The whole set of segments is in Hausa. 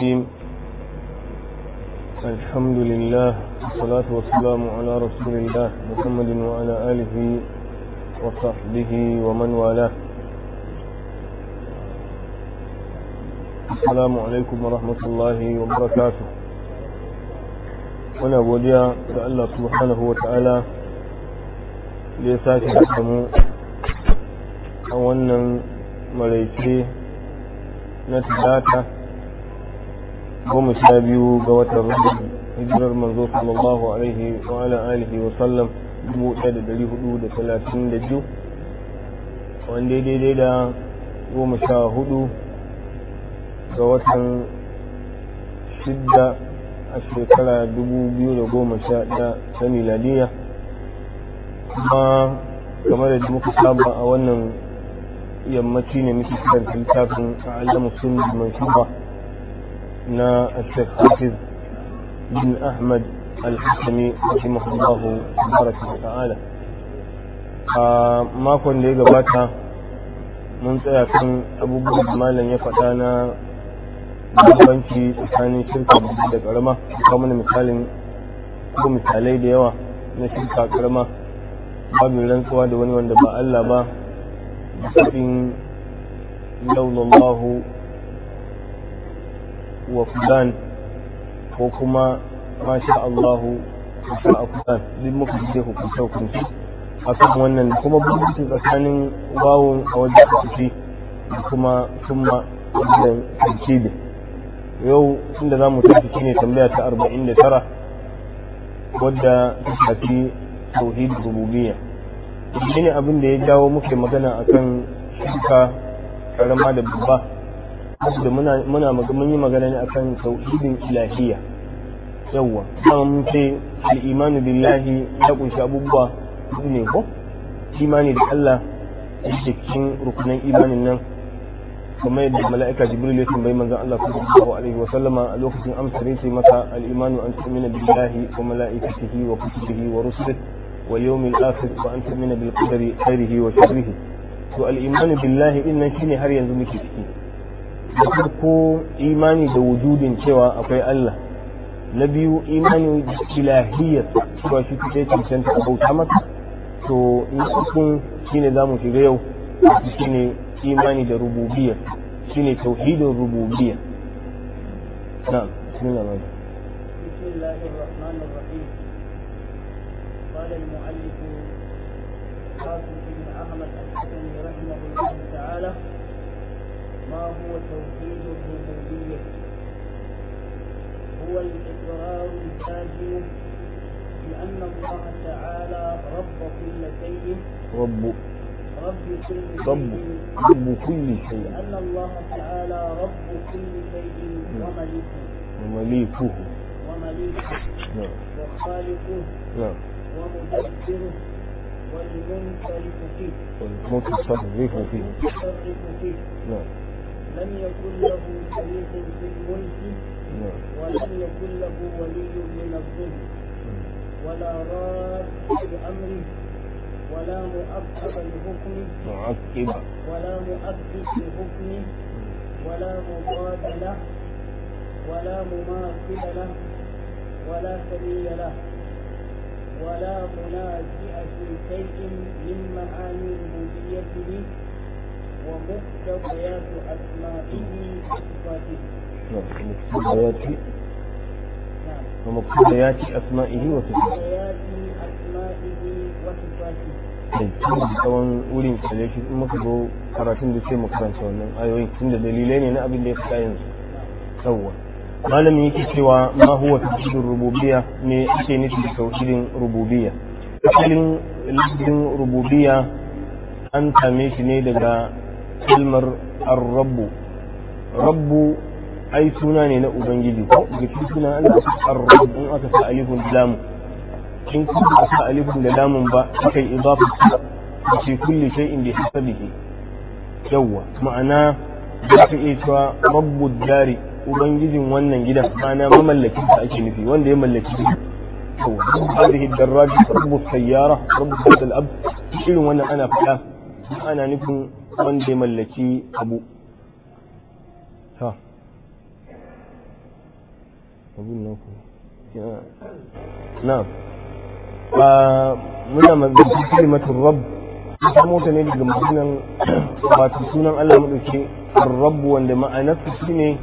الرجيم الحمد لله والصلاة والسلام على رسول الله محمد وعلى آله وصحبه ومن والاه السلام عليكم ورحمة الله وبركاته muna godiya ga Allah subhanahu wa ta'ala da ya sake haɗa mu a wannan maraice na talata goma sha biyu ga watan rabin hijirar manzo sallallahu alaihi wa ala alihi wa sallam dubu ɗaya da ɗari hudu da talatin da biyu wanda daidai da goma sha hudu ga watan shidda a shekara dubu biyu da goma sha ɗaya ta miladiya kuma kamar da muka saba a wannan yammaci ne muke karanta littafin a alamu sun mansuba na Sheikh Hafiz bin Ahmad Al-Hakami rahimahullahu tabaraka ta'ala a makon da ya gabata mun tsaya kan abubuwan da malam ya faɗa na bambanci tsakanin shirka da karama kuma misalin ko misalai da yawa na shirka karama babu rantsuwa da wani wanda ba Allah ba da kafin wa fulan ko kuma masha Allahu ko sha a fulan duk muka je ku hukunce a kan wannan kuma bambanci tsakanin wawon a wajen hukunce da kuma summa wajen yau inda za mu tafi ne tambaya ta arba'in da tara wadda ta shafi tauhid rububiyya shi ne abin da ya jawo muke magana akan shirka karama da babba da muna muna mun yi magana ne akan tauhidin ilahiyya yawwa kuma mun ce al-imanu billahi ya kunshi abubuwa ne ko imani da Allah a cikin rukunan imanin nan kuma yadda mala'ika jibril ya tambayi manzon Allah sallallahu alaihi wa sallama a lokacin amsar yace maka al-imanu an tu'mina billahi wa mala'ikatihi wa kutubihi wa rusulihi wal yawmil akhir wa an tu'mina bil qadari khairihi wa sharrihi to al-imanu billahi innan shine har yanzu muke ciki da farko imani da wujudin cewa akwai Allah na biyu imani da ilahiyar cewa shi kuɗe cancanta a bauta masa to na uku shine za mu shiga yau shine imani da rububiyar shine tauhidin rububiyar na'am bismillah الرحمن الرحيم قال المؤلف قاسم بن احمد الحسني رحمه الله تعالى ما هو توحيد الربوبية هو الإقرار الكافي بأن الله تعالى رب كل شيء رب رب كل شيء رب رب كل شيء أن الله تعالى رب كل شيء ومليكه ومليكه ومليكه نعم وخالقه نعم ومدبره والمنصرف فيه والمتصرف فيه والمتصرف فيه نعم لم يكن له شريك في الملك ولم يكن له ولي من الظلم ولا راد لأمره ولا مؤقب لحكمه معقب ولا مؤقب لحكمه ولا مضاد له ولا مماثل له ولا سبيل له ولا منازع في شيء من معاني ربوبيته ومقتضيات أسمائه وصفاته ومقتضيات ومقتضيات أسمائه وصفاته tun tsawon wurin kalle shi in muka zo karatun da sai makaranta wannan ayoyin tun da dalilai ne na abin da ya fita yanzu yawwa malamin yake cewa ma huwa tauhidin rububiya ne ake nufi da tauhidin rububiyya asalin lafzin rububiya an same shi ne daga المر الرب رب أي سناني لا أبنجدي قلت سنا أن الرب إن أتفى ألف للام إن كنت أتفى ألف للام بكي إضافة في كل شيء بحسبه يوى معنا ذاك إيشوى رب الدار أبنجدي وانا جدا معنا ما ملكي فأكي نفي وانا يملكي هو هذه الدراجة رب السيارة رب هذا الأب شيء وانا أنا فلا أنا نفهم wanda ya mallaki abu ta abun nan ku muna magana kalimatul rabb ta mota ne daga maganan wato sunan Allah maɗauke rabu wanda ma'anarsa shine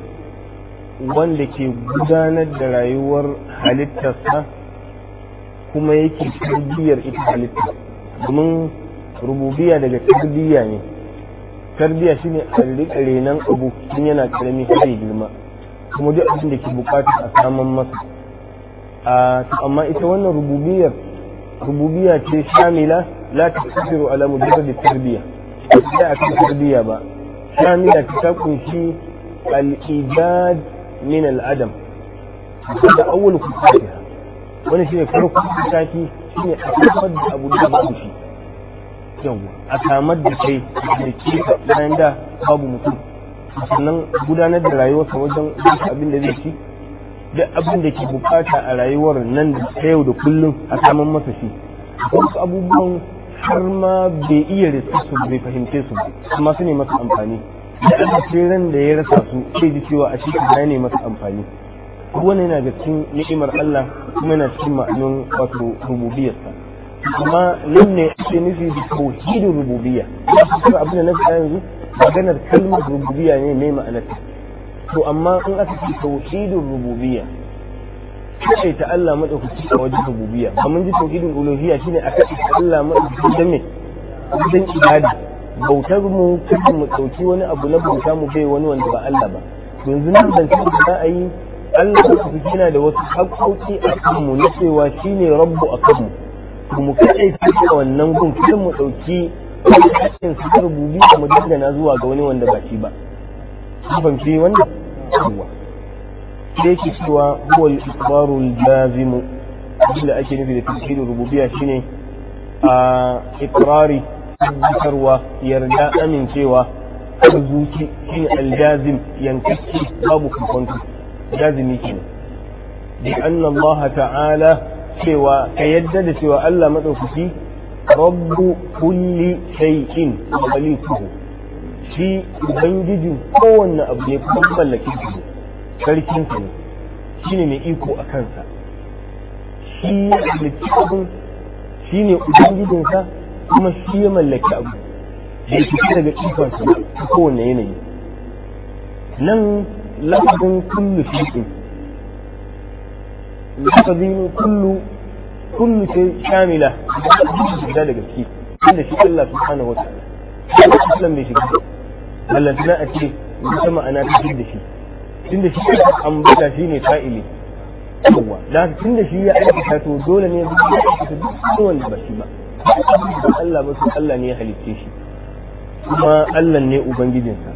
wanda ke gudanar da rayuwar halittarsa kuma yake tarbiyyar ita halitta domin rububiya daga tarbiyya ne tarbiya shine a riƙa renan abu tun yana karami har girma kuma duk abin da ke bukata a saman masa a amma ita wannan rububiyar rububiya ce shamila la tasiru ala mujarrad tarbiya ba a kan tarbiya ba shamila ta kunshi al-ijad min al-adam da awwal kufafiha wannan shine farko shi shine a tabbatar da abu da ba shi yawwa a samar da kai da ke bayan da babu mutum sannan gudanar da rayuwarsa wajen duka abin da zai ci duk abin da ke bukata a rayuwar nan da ta yau da kullum a saman masa shi wasu abubuwan har ma bai iya rasa su bai fahimce su amma su ne masa amfani da ran da ya rasa su sai ji cewa a shi ya ne masa amfani wannan yana da cikin ni'imar Allah kuma yana cikin ma'anin wato rububiyarsa amma nan ne ake nufi da tauhidin rububiyya kuma abin da na fi yanzu maganar kalmar rububiyya ne mai ma'anarta to amma in aka ce tauhidin rububiyya kai ta Allah madaukaki a wajen rububiyya ba mun ji tauhidin uluhiyya shine a kai ta Allah madaukaki da me dan ibada bautar mu kuma mu dauki wani abu na bauta mu bai wani wanda ba Allah ba yanzu nan ce da za a yi Allah madaukaki yana da wasu haƙƙoƙi a kanmu na cewa shine rabbu a kanmu mu kaɗai ta wannan gun kudin mu ɗauki aikin su ta rububi a mu dangana zuwa ga wani wanda ba shi ba kun fahimci wannan yawa sai yake cewa huwa al-iqrarul jazim abinda ake nufi da tafsirin rububiya shine a iqrari tabbatarwa yarda amincewa ta zuci shine al-jazim babu kwanto jazimi kenan bi anna Allah ta'ala cewa ka yadda da cewa Allah madaukaki rabbu kulli shay'in wa malikuhu shi ubangijin kowanne abu ne kuma mallakin shi sarkin shi ne ne mai iko a kansa shi ya mallaki abu shi ne ubangijin sa kuma shi ya mallaki abu da bai fita daga ikon sa kowanne yanayi nan lafazin kullu shay'in al-qadimu kullu kullu shay shamila da daga ciki inda shi Allah subhanahu wataala Allah mai bai Allah tana a ce wata ma'ana ta da shi tunda shi ambata shine fa'ili yawa da shi ya aikata to dole ne ya aikata duk wanda ba shi Allah ba su Allah ne ya halicce shi Allah ne ubangijinsa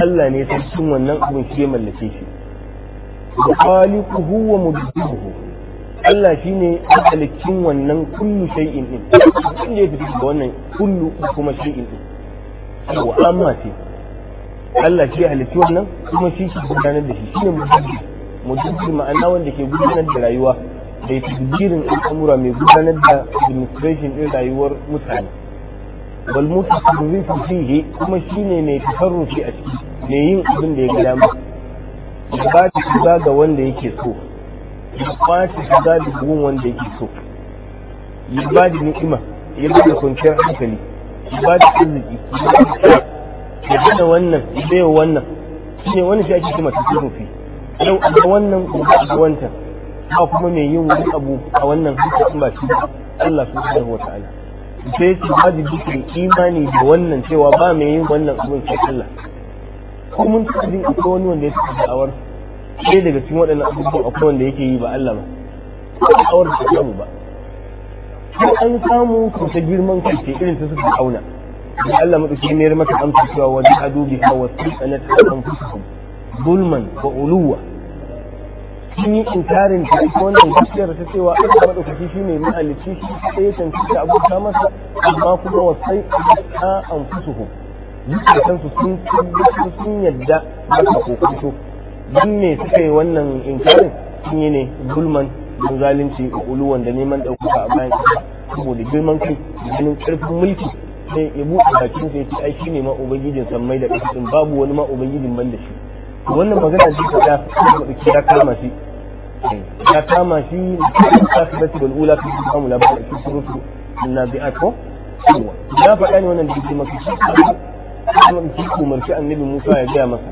Allah ne sarkin wannan abin shi ya mallake shi khaliquhu wa mudabbiruhu Allah shine halicin wannan kullu shay'in din abin da ya da wannan kullu kuma shay'in din to amma ce Allah shi halitta wannan kuma shi shi gudanar da shi shine mudabbir mudabbir ma'ana wanda ke gudanar da rayuwa da ya tadbirin al'amura mai gudanar da administration din rayuwar mutane wal mutasarrifu fihi kuma shine mai tasarrufi a ciki mai yin abin da ya ga dama ya ba da shiga ga wanda yake so ya ba ta shiga da gun wanda yake so ya ba da ni'ima ya ba da kwanciyar hankali ya ba da arziki ya ba da ya hana wannan ya baiwa wannan shi ne wani shi ake kima fi. yau a ga wannan gobe a ga wancan ba kuma mai yin wani abu a wannan haka in ba shi Allah subhanahu wa ta'ala sai su wajibi imani da wannan cewa ba mai yin wannan abun sai Allah ko mun taɓa jin akwai wani wanda ya taɓa da'awar sai daga cikin waɗannan abubuwan akwai wanda yake yi ba Allah ba ko da'awar da samu ba ko an samu ko ta girman kai ce irin ta suka auna da Allah madauki ne maka amsa cewa wa jihadu biha wa tsanat anfusuhum Bulman, wa uluwa sun yi inkarin ta ita wannan gaskiyar ta cewa Allah madaukaki shine mahalicci shi sai ya tantance abubuwa masa amma kuma wasai a anfusuhum zukatan su sun tabbatar sun yadda ba sa su don me suka yi wannan inkarin sun yi ne gulman don zalunci uluwan da neman ɗaukaka a bayan ƙasa saboda girman kai ganin ƙarfin mulki sai ya buɗe bakin sai ce ai shi ne ma ubangijin sammai da ƙasa babu wani ma ubangijin ban da shi wannan magana ce ta ta da ya kama shi ya kama shi ta fi bata da ula fi ba mu labarai shi kuma su na bi'at ko ya faɗa ne wannan da ke maka shi Allah umarci annabi Musa ya gaya masa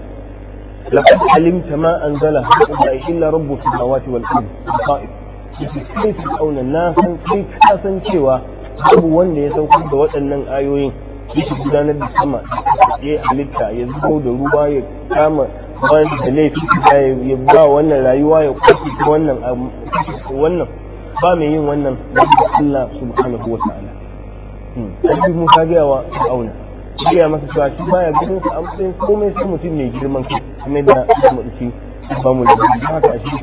لقد علمت ما أنزل هؤلاء إلا رب السماوات والأرض خائف كيف تكون الناس كيف حسن cewa babu wanda ya saukar da waɗannan ayoyin yake gudanar da sama ya halitta ya zubo da ruwa ya kama bayan da laifi ya ba wannan rayuwa ya kwafi wannan wannan ba mai yin wannan da Allah subhanahu wa ta'ala. Hmm. Annabi Musa ga wa auna biya masa cewa shi baya ganin sa an matsayin komai su mutum mai girman kai kuma da mu dace ba mu da shi. haka shi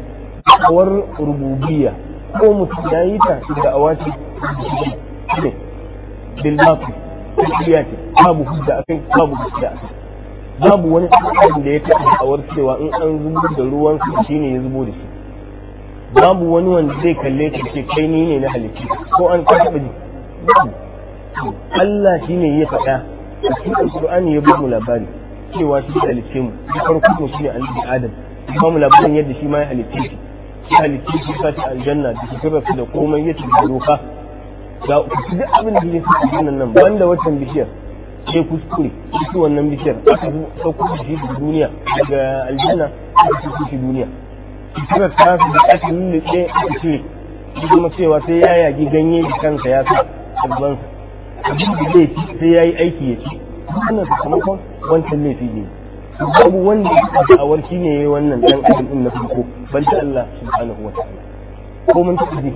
kawar rububiya. ko mutum ya yi ta da awaci ne bil batil biya ce babu hujja akai babu gaskiya akai babu wani ɗan da ya taɓa da'awar cewa in an zubo da ruwan su shi ne ya zubo da shi babu wani wanda zai kalle ka ce kai ni ne na halittu. ko an ka taɓa ji Allah shi ne ya faɗa a cikin alkur'ani ya bugu labari cewa shi da halitta mu da farko mu shine annabi adam ba mu labarin yadda shi ma ya halitta shi ya halitta shi ya ta aljanna da shi su da komai ya tafi doka ga ku duk abin da ya fi aljannan nan banda watan bishiyar sai kuskure shi wannan bishiyar aka sauko shi duniya daga aljanna aka sauko shi duniya kuma ta su da aka lullube aka cire kuma cewa sai ya yagi ganye da kansa ya sa a albansa abin da sai ya yi aiki ya ci wannan sakamakon wancan laifi ne babu wanda ya fi awar ne wannan dan adam din na farko ban ta Allah subhanahu wa ta'ala ko mun ta ji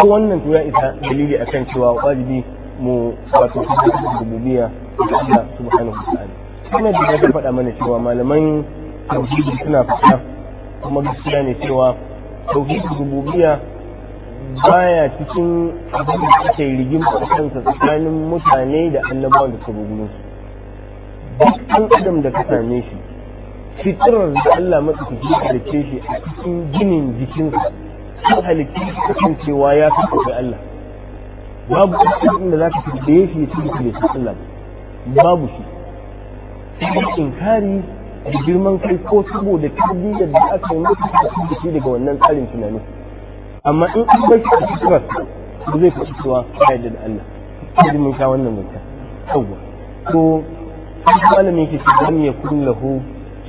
ko wannan to ya isa dalili akan cewa wajibi mu wato rububiyya da Allah subhanahu wa ta'ala kuma da ya faɗa mana cewa malaman tauhidi suna faɗa kuma gaskiya ne cewa tauhidin rububiyya baya cikin abin da ake rigim kansa tsakanin mutane da annabawan da suka gurin su duk adam da ka same shi fitirar da Allah maɗaukaki ya halicce shi a cikin ginin jikinsa sun halicce shi a kan cewa ya fi kai Allah babu ɗan da za ka shi ya ci da Allah babu shi inkari da girman kai ko saboda tarbiyyar da aka yi masa da shi daga wannan tsarin tunanin amma in an bai shi a fitrar ba zai fi cewa ya da Allah sai mun sha wannan mutum yawwa to sai malamin yake ce dan ya kun lahu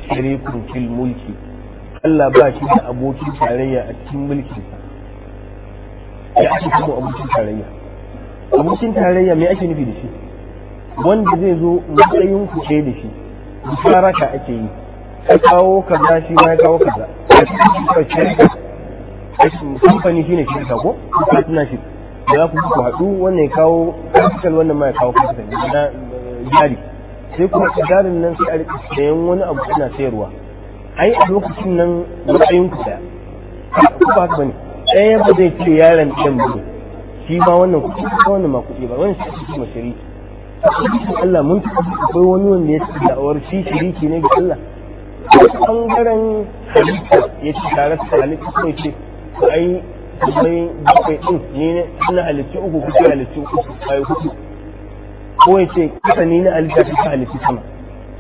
sharikun fil mulki Allah ba shi da abokin tarayya a cikin mulkin sa ya ake kuma abokin tarayya abokin tarayya me ake nufi da shi wanda zai zo matsayin ku da shi bisharaka ake yi ka kawo kaza shi ma ya kawo kaza ka shi ka kamfani shine shi ka za ku haɗu wannan ya kawo capital wannan ma ya kawo kasuwan na eh, jari sai kuma jarin nan sai a rika sayan wani abu suna sayarwa ai a lokacin nan matsayin ku daya ku ba haka bane ɗaya ba zai ce yaron ɗan ba shi ma wannan kuɗi ba wannan ma kuɗi ba wannan shi ake kuma shari'a Allah mun akwai wani wanda ya ci da'awar shi shiriki ne ga Allah a ɓangaren halitta ya ci tare da halitta sai ce to ai sammai bakwai din ni ne ina halicci uku kuke halicci uku bayan hudu ko ya ce kasa ni na halitta ta halicci sama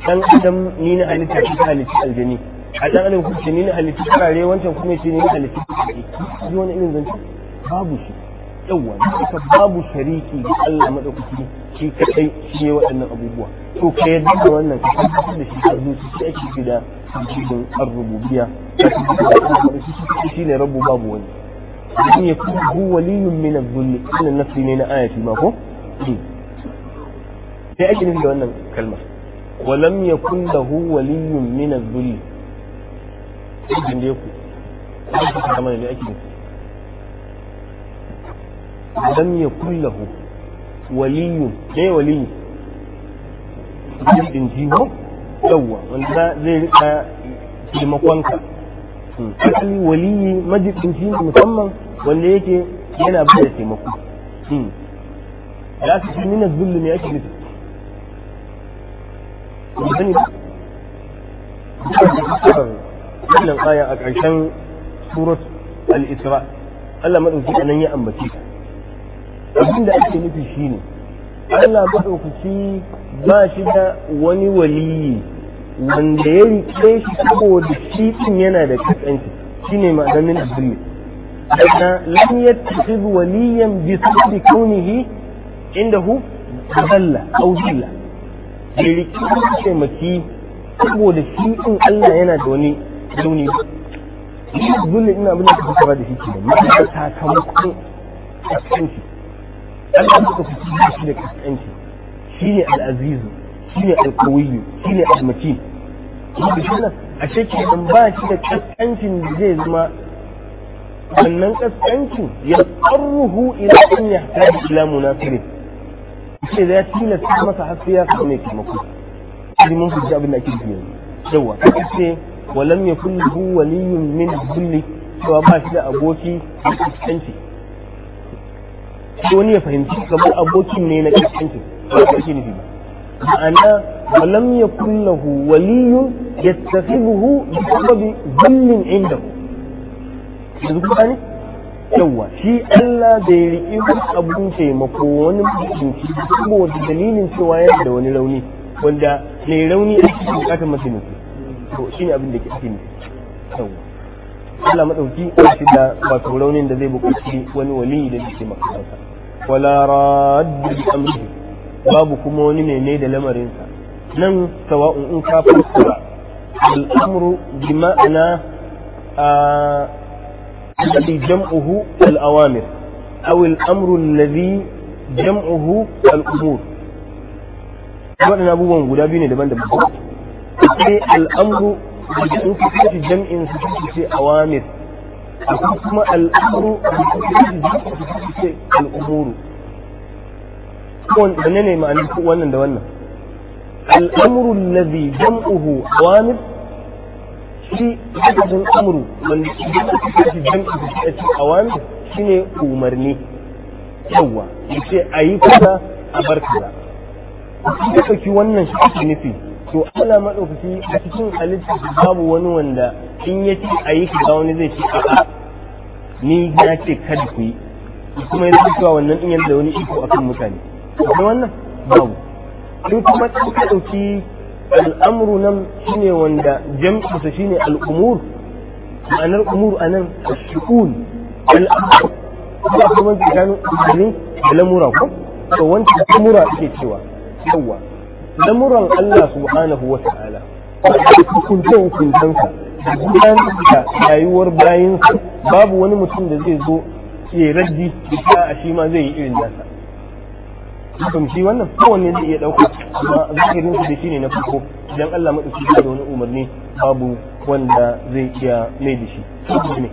dan adam ni na halitta ta halicci aljani a dan adam kuke ni na halitta karare wancan kuma ce ni na halitta ta halicci wani irin zance babu shi yawwa haka babu shariki da Allah madaukaki shi kadai shi ne waɗannan abubuwa to ka yarda da wannan ka tabbatar da shi a zuci shi ake gida cikin ar-rububiyya shi ne rabbu babu wani in ya kuma hu waliyun min az-zulli wannan nafsi ne na ayati ma ko sai ake nufi da wannan lam ya lahu waliyun dai waliyu din jiwo yawa wanda zai rika taimakonka hmm. asali waliyi majibinci musamman wanda yake yana ba da taimako hmm. ya su shi nuna zullu ne ake nufi sani wannan aya a ƙarshen surat al-isra Allah maɗauki anan ya ambace abin da ake nufi shine Allah maɗaukaki ba shi da wani waliyi wanda ya riƙe shi saboda shi ɗin yana da kasance shine ma'anar min A na lam tafi waliyan bi sabbi kaunihi indahu dalla aw dilla ya riƙe shi taimaki saboda shi ɗin Allah yana da wani launi ni abdulli ina abin da ka fara da shi ke da ma'ana sakamakon kasance Allah muka fi cikin shi ne kaskanci shi ne al'azizu shi ne alkawiyu shi ne almaki a shekin nan ba shi da kaskancin da zai zama wannan kaskancin ya tsarruhu ila an ya hada ila munafirin shi da ya tilasta masa hasu ya samu mai taimako shi mun fi abin da ake ji yanzu yawa ta ce walam yakun lahu waliyyun min dhulli cewa ba shi da aboki da kaskanci sai wani ya fahimci kamar abokin ne na kaskanci ba a shi nufi ba ma'ana walam ya kullahu waliyun ya tafibuhu bi zullin inda su kuma ne yawa shi Allah bai riƙi wani abun taimako wani mutunci saboda dalilin cewa yana da wani rauni wanda mai rauni a cikin bukatar mutunci to shi ne abin da ke cikin yawa Allah maɗauki a shi da wato raunin da zai buƙaci wani wali da zai taimaka masa wala raddi amrihi babu kuma wani ne ne da lamarinsa nan sawa'un in ka fassara al'amru bi ma'ana a alladhi jam'uhu al-awamir aw al-amru alladhi jam'uhu al-umur waɗannan abubuwan guda biyu ne daban-daban sai al'amru da su ka jam'in su ce awamir akwai kuma al'amuru ce al'umuru wanne ne ma'anin wannan da wannan al'amuru lazi jam'uhu awamir shi adadin amuru wanda shi jam'uhu jam'uhu shi awamir shi ne umarni yawa ya ce a yi kusa a bar kaza ka ɗauki wannan shi ake nufi to Allah maɗaukaki a cikin halitta babu wani wanda in ya ce a yi kaza wani zai ce a'a ni na ce kada ku yi kuma yanzu cewa wannan in yana da wani iko a kan mutane akwai wannan babu in kuma ka ɗauki al'amuru nan shine wanda jam'insa shine al'umur ma'anar umur a nan a shi'un al'amru ba kuma tsakanin umarni da lamura ko to wancan lamura ake cewa yawa lamuran Allah subhanahu wa ta'ala Kun hukunce hukuncensa da da rayuwar bayansa babu wani mutum da zai zo ya raddi da a shi ma zai yi irin nasa kuma shi wannan kowanne zai iya ɗauka amma zahirin su da shi ne na farko idan Allah maɗauki da wani umarni babu wanda zai iya mai da shi ne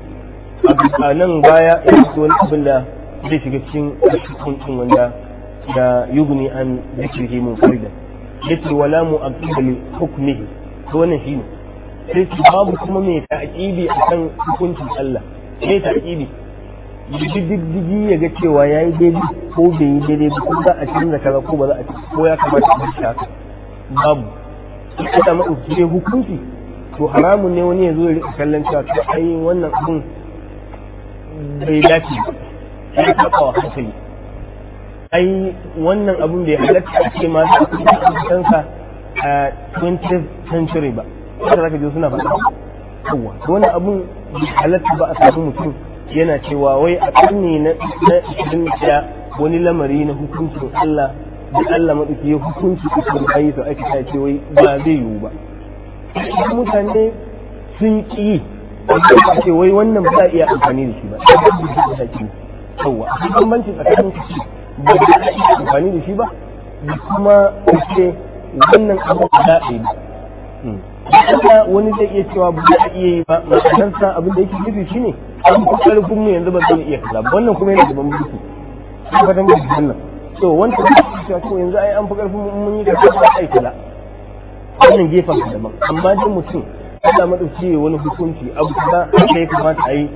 a nan baya ya fito wani abin da zai shiga cikin hukuncin wanda da yugni an zikirhi mun farida yace wala mu aqida li hukmihi to wannan shine sai su babu kuma mai a kan hukuncin Allah mai ta'kibi yaji diddigi ya ga cewa ya yi daidai ko bai yi daidai ba ko za a canza kaza ko ba za a ci ko ya kamata a ci haka babu in ka samu ɗauki hukunci to haramun ne wani ya zo ya rika kallon cewa to ai wannan abin bai dace ya taɓa wa hankali ai wannan abin bai halatta a ce ma za a kusa a 20th century ba haka zaka ji suna faɗa yawa wani abun halatta ba a samu mutum yana cewa wai a karni na 21 wani lamari na hukuncin Allah da Allah maɗauki ya hukunci cikin ayi su ake ta ce wai ba zai yiwu ba mutane sun ƙi ba ce wai wannan ba iya amfani da shi ba ta gudu da take yawa akwai bambanci tsakanin shi ba za iya amfani da shi ba kuma kuma ce wannan abu da ba hmm. haka wani zai iya cewa ba a iya yi ba ma'anarsa abin da yake nufi shine an fi mu yanzu ba zai iya kaza wannan kuma yana da bambanci ka fatan gaji wannan so wanda ba su cewa ko yanzu ai an fi mun yi da ba ai wannan gefen mutum wani hukunci abu da ya kamata ya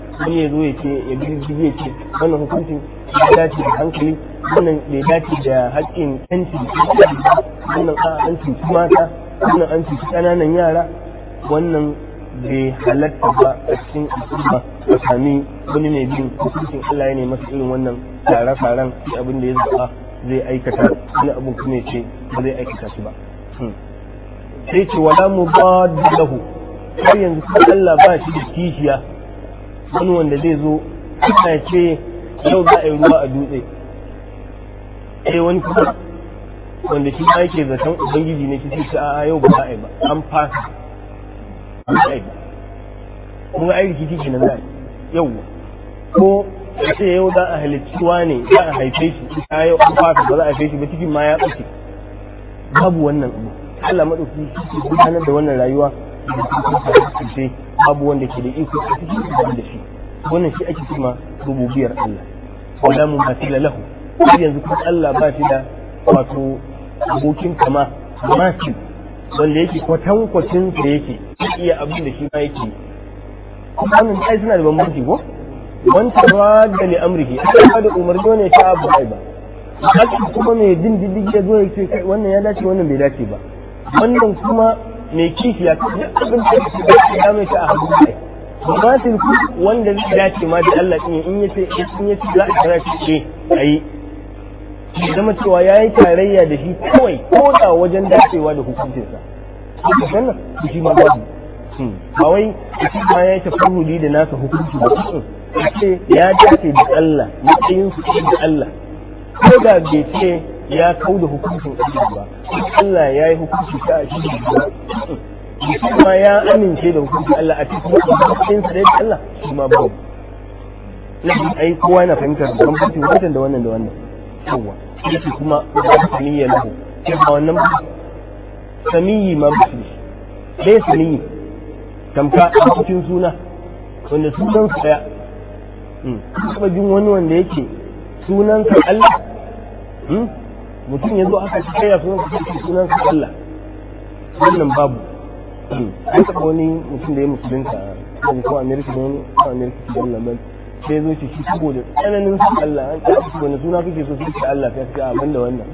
zo ya ce ya bi ya dace da hankali wannan bai dace da haƙƙin yanci wannan an cuci mata wannan an cuci ƙananan yara wannan bai halatta ba a cikin al'umma a sami wani mai bin hukuncin Allah ya nemi irin wannan tare-taren shi abin da ya zaba zai aikata wani abin kuma ya ce ba zai aikata shi ba hmm. sai ce wala mu ba lahu har yanzu kuma Allah ba shi da kishiya wani wanda zai zo ya ce yau za a yi ruwa a dutse sai eh, wani kuma wanda shi ma yake zaton ubangiji ne shi a yau ba za a yi ba an fasa ba za a yi ba kuma aiki kiki kenan za a yi yau ko a ce yau za a halittuwa ne za a haife shi ta yau an fasa ba za a haife shi ba cikin ma ya ɓace babu wannan abu Allah maɗauki shi ke gudanar da wannan rayuwa da kuma babu wanda ke da iko a cikin da shi wannan shi ake cima rububiyar Allah wala mu matila lahu har yanzu kuma Allah ba shi da wato abokin kama matin wanda yake kwatankwacin sa yake iya abin da shi ma yake kuma wannan ai suna da bambanci ko wanta radda li amrihi Allah da umarni ne ta abu ba haka kuma mai din diddigi ya zo ya ce kai wannan ya dace wannan bai dace ba wannan kuma mai kifi ya kaji abin da ya mai ta a hannu ba su wanda zai dace ma da Allah ne in yace in yace za a kira shi ce ayi zama cewa ya yi tarayya da shi kawai ko da wajen dacewa da hukuncinsa hukuncin nan ku shi ma babu hmm. ba wai shi ma ya yi tafarhudi da nasa hukunci ba hmm. ce ya dace da Allah matsayin su da Allah ko da bai ce ya kau da hukuncin Allah ba Allah ya yi hukunci ta a shi mutum ma ya amince da hukuncin Allah a cikin hukuncin sa da yadda Allah shi ma babu na fi ai kowa yana fahimtar bambancin wancan da wannan da wannan yawa yake kuma ba samiyya lahu sai ba wannan samiyyi ma ba su, shi dai samiyyi tamka a cikin suna wanda sunan sa daya hmm, kuma jin wani wanda yake sunan sa Allah hmm, mutum ya zo aka ce ya sunan sa Allah wannan babu an taɓa wani mutum da ya musulunta a ko amerika da wani ko amerika da lambar sai ya zo ce shi saboda tsananin su allah an ƙasa su wani suna kuke so suke allah ta fi abin da wannan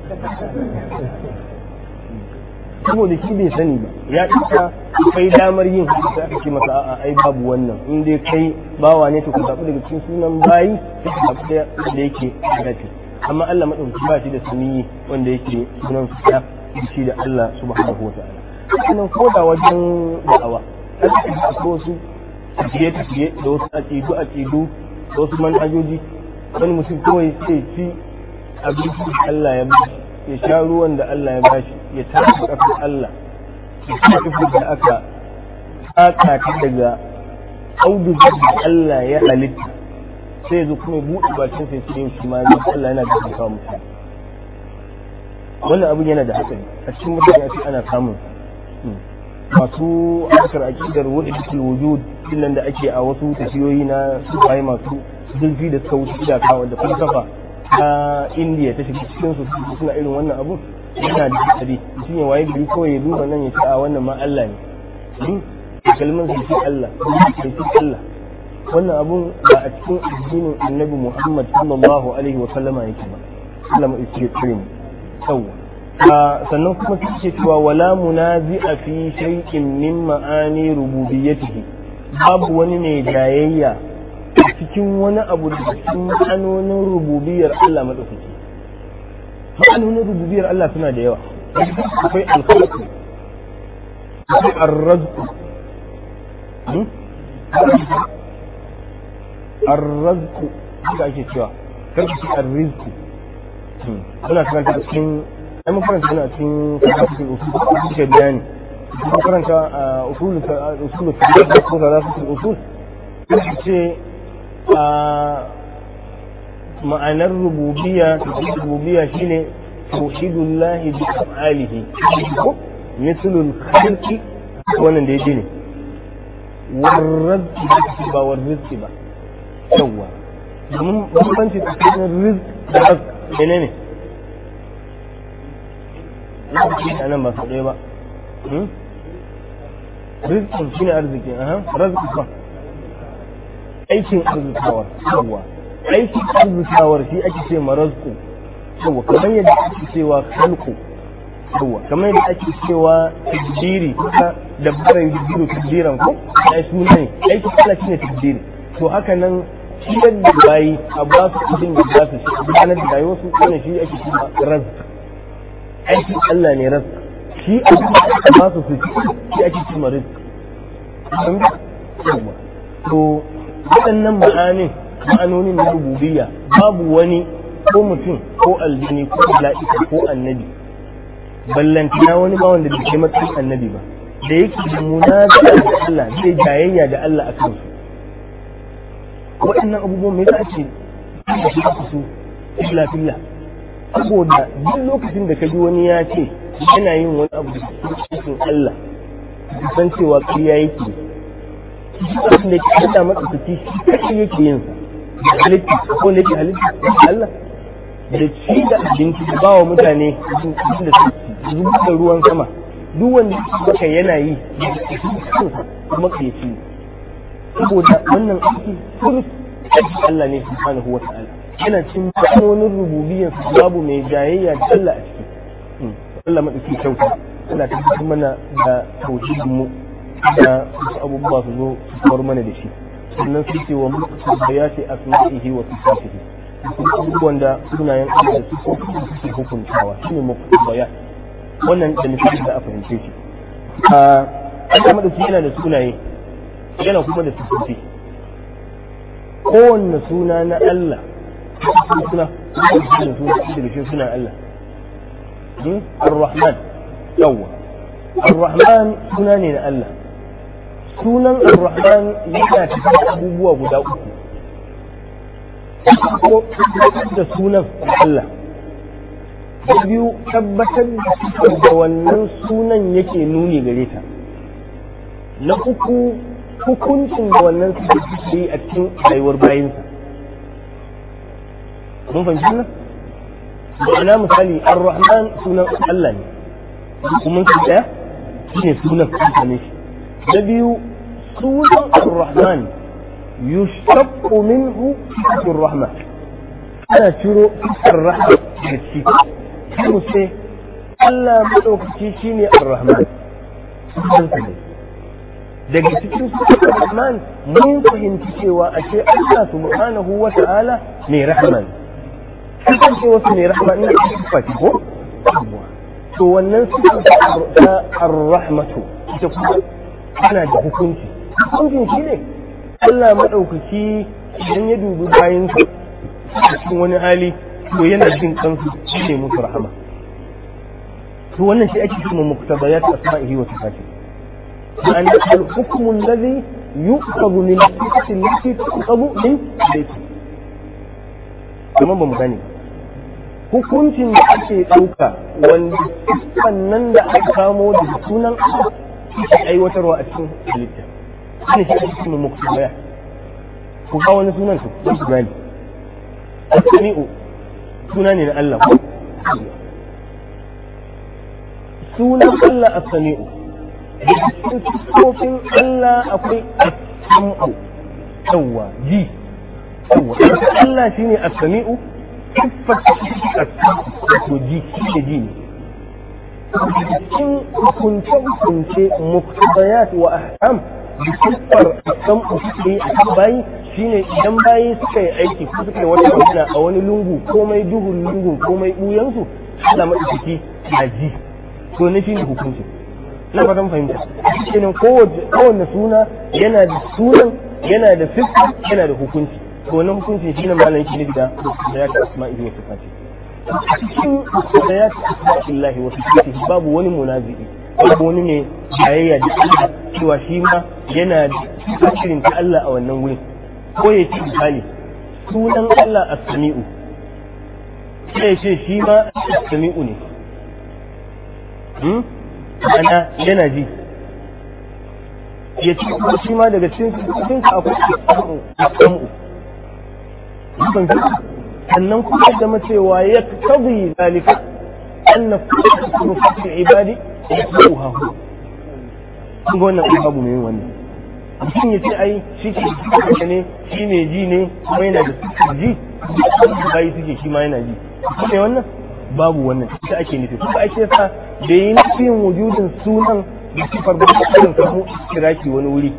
saboda shi bai sani ba ya ɗauka akwai damar yin haka sai aka ce masa a'a ai babu wannan in dai kai bawa ne to ka zaɓi daga cikin sunan bayi sai ka zaɓi da yake dace amma allah maɗauki ba shi da saniyi wanda yake sunan fita shi da allah subhanahu wa ta'ala hakanan ko da wajen da'awa a cikin ji wasu tafiye-tafiye da wasu aƙidu-aƙidu da wasu manhajoji wani mutum kawai sai ci abinci da Allah ya bashi ya sha ruwan da Allah ya bashi ya tashi kafin Allah ya sha da aka tsaka ta daga audu da Allah ya halitta sai yanzu kuma buɗe bakin sai sai shi ma zai Allah yana da kawo mutum wannan abin yana da hatsari a cikin mutane a ana samun masu akar akidar wa'idatul wujud din da ake a wasu tafiyoyi na sufaye masu zurfi da suka wuce iyaka wanda falsafa ta indiya ta shiga cikin su suna irin wannan abu yana da hadari shi ne waye gari kawai ya duba nan ya ce a wannan ma Allah ne hmm? kalmar sai Allah sai Allah wannan abun ba a cikin addinin annabi Muhammad sallallahu alaihi wa sallama yake ba Allah mu iske tsare mu sannan kuma su ce cewa wala a fi shaikin min ma'ani rububiyyatihi babu wani mai jayayya cikin wani abu da cikin ma'anonin rububiyar Allah madaukaki ma'anonin rububiyar Allah suna da yawa akwai alkhalqu akwai arrazqu hmm? arrazqu haka ake cewa karkashi arrizqu suna hmm. karanta cikin ai mun karanta a cikin kafin usul ke bayani mun karanta usul usul da kuma da su usul ce ma'anar rububiyya rububiyya shine توحيدullah bi af'alihi mithlul khalqi wannan da yake ne ba warrizqi ba yawa domin bambanci tsakanin rizq da rizq menene ne za ku a nan ba su ɗaya ba hmm? rizkin shi ne arziki aha rizkin aikin arzikawar yawwa aikin arzikawar shi ake ce ma rizku yawwa kamar yadda ake cewa kalku yawwa kamar yadda ake cewa tajjiri kuka dabbaran gidiru tajjiran ko ya suna ne aikin kala shi ne tajjiri to haka nan shi yadda bayi a ba su abin da za su ci gudanar da rayuwarsu wannan shi ake cewa rizki aikin Allah ne ras shi a ba su ci shi ake ci maris to waɗannan ma'anin ma'anonin na rububiyya babu wani ko mutum ko aljini ko la'ika ko annabi ballantana wani ba wanda bai matsayin annabi ba da yake da munazara da Allah zai jayayya da Allah a su waɗannan abubuwan ta yasa ake su filla saboda duk lokacin da ka ji wani ya ce yana yin wani abu da cikin Allah ka san cewa ƙarya yake abin da ke da masa ci shi kaɗai yake yin sa da halitta ko ne ke halitta da Allah da ci da abinci da ba wa mutane abin da su zuwa da ruwan sama duk wanda baka yana yi kuma ke ci saboda wannan aiki sun Allah ne subhanahu wa ta'ala yana cin ma'anonin rububiyar babu mai jayayya da Allah a ciki Allah maɗauki kyauta Allah ta fi mana da tauhidin mu da wasu abubuwa su zo su kawar mana da shi sannan su ce wa mutu a asma'ihi wa sifatihi kuma abubuwan da sunayen Allah su ko kuma suke hukuntawa shine mutu bayat wannan da misali da a fahimce shi Allah maɗauki yana da sunaye yana kuma da sifofi kowanne suna na Allah suna suna suna Allah ar-rahman ar-rahman suna ne na Allah sunan ar-rahman yana cikin abubuwa guda uku ko da sunan Allah da biyu tabbatar da wannan sunan yake nuni gare ta na uku hukuncin da wannan suke yi a cikin rayuwar bayansa mun fahimci wannan ma'ana misali ar-rahman sunan Allah ne kuma su daya shine sunan Allah ne da biyu sunan ar-rahman yushaqqu minhu sifatu rahma ana ciro sifar rahma da shi kuma sai Allah madaukaki shine ar-rahman sunan ne daga cikin sufar rahman mun fahimci cewa ashe Allah subhanahu wa ta'ala mai rahman kasance wasu ne rahama in ka sifa ki ko to wannan sifa ta ar-rahmatu ita kuma ana da hukunci hukuncin shi ne Allah madaukaki idan ya dubi bayan su cikin wani hali to yana jin kansu shi ne musu rahama to wannan shi ake cewa muktabayat asma'ihi wa sifatihi أن الحكم الذي يؤخذ من الصفة التي تؤخذ من بيته. تمام بمغاني. hukuncin da ake ɗauka wanda wannan da aka samo da sunan Allah shi aiwatarwa a cikin halitta ne shi ake cikin muktubaya ku ga wani sunan su don su gani asmi'u suna ne na Allah sunan Allah asmi'u cikin sifofin Allah akwai asmi'u yawwa ji yawwa Allah shi ne shine asmi'u siffar da suke a to jiki da ji ne cikin hukunce-hukunce muktabayat wa ahkam da siffar ahkam suke yi a kan bayi shine idan bayi suka yi aiki ko suka yi wata magana a wani lungu komai duhun lungu komai buyansu ana maɗaukaki a ji to na shine hukunci na fatan fahimta shi ne kowane suna yana da sunan yana da siffa yana da hukunci to wannan shi na malam shi nufi da da ya asma ibn sifati cikin da ya asma'illahi wa sifatihi babu wani munazi'i babu wani ne jayayya da Allah cewa shi ma yana da irin ta Allah a wannan wurin ko ya ce bali sunan Allah as-sami'u sai ya ce shi ma as-sami'u ne hmm? ana yana ji ya ce kuma shi ma daga cikin cikin akwai as-sam'u sannan kuma zama cewa ya tabi zalika anna kullu fil ibadi yatuha hu kun ga wannan babu mai wannan mutum ya ce ai shi ke ji ne shi ne ji ne kuma yana da ji bayi suke shi ma yana ji ne wannan babu wannan ita ake nufi kuma ake sa da yi nufin wujudin sunan da sifar ba ta samu kiraki wani wuri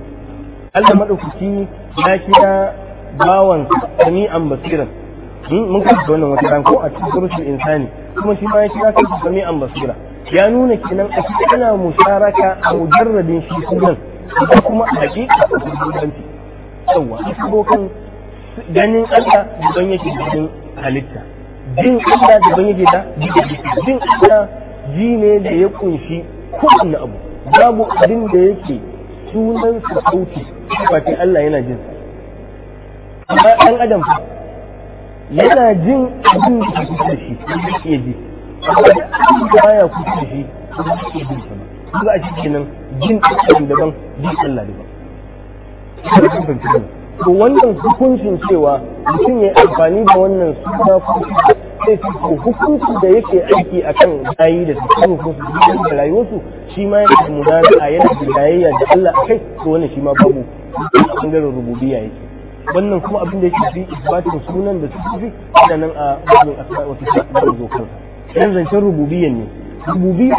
Allah madaukaki ya kira bawan an basiran hmm, mun kasu wannan wata ko a cikin surutul insani kuma shi ma ya kira sami an basira ya nuna kenan a cikin ana musharaka a mujarradin shi sunan da kuma a hakika a kudanci yawa a kan ganin Allah daban yake jikin halitta jin Allah daban yake da jin Allah ji ne da ya kunshi kowanne abu babu abin da yake sunansa sauti ba Allah yana jinsa amma ɗan adam yana jin abin da ke kusa da shi da ke ji abin da baya kusa da shi da ke jin sama kuma a cikin nan jin ɗan daban jin Allah daban to wannan hukuncin cewa mutum ya amfani da wannan suna kuma sai ko hukuncin da yake aiki akan bayi da tsakanin ko su da rayuwarsu shi ma yana da munana a yana da da Allah kai to wannan shi ma babu bangaren rububiyya yake wannan kuma abin da yake fi isbatin sunan da fi da nan a wajen asma wasu sa'adar zo kansa yan zancen rububiyyan ne rububiyya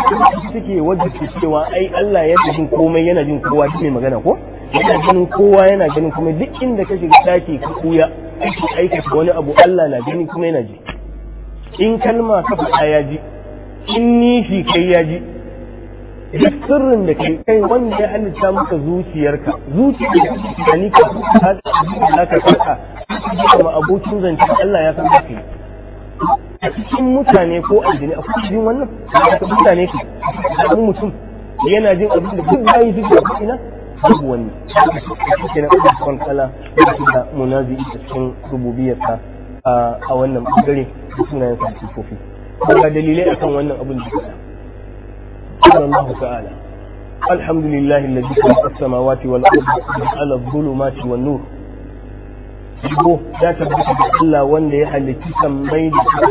suke wajen cewa ai Allah fi jin komai yana jin kowa shi ne magana ko yana ganin kowa yana ganin kuma duk inda ka shiga daki ka kuya aiki aikata wani abu Allah na gani kuma yana ji in kalma ka faɗa ya ji in nishi kai ya ji Da sirrin da ke kai wanda ya halitta maka zuciyarka zuciyar da kake tunani ka ta da ka saka kuma abokin zance Allah ya san kake a cikin mutane ko aljini a kuma jin wannan a mutane ke a mutum yana jin abin da duk bayan shi da ina babu wani ke na ɗaukar son kala da shi da munazi a cikin rububiyarsa a wannan bangare da sunayen sa kofi. Ga dalilai akan wannan abin da قال الله تعالى الحمد لله الذي خلق السماوات على الظلمات والنور ya tabbata da Allah wanda ya halitta sammai da su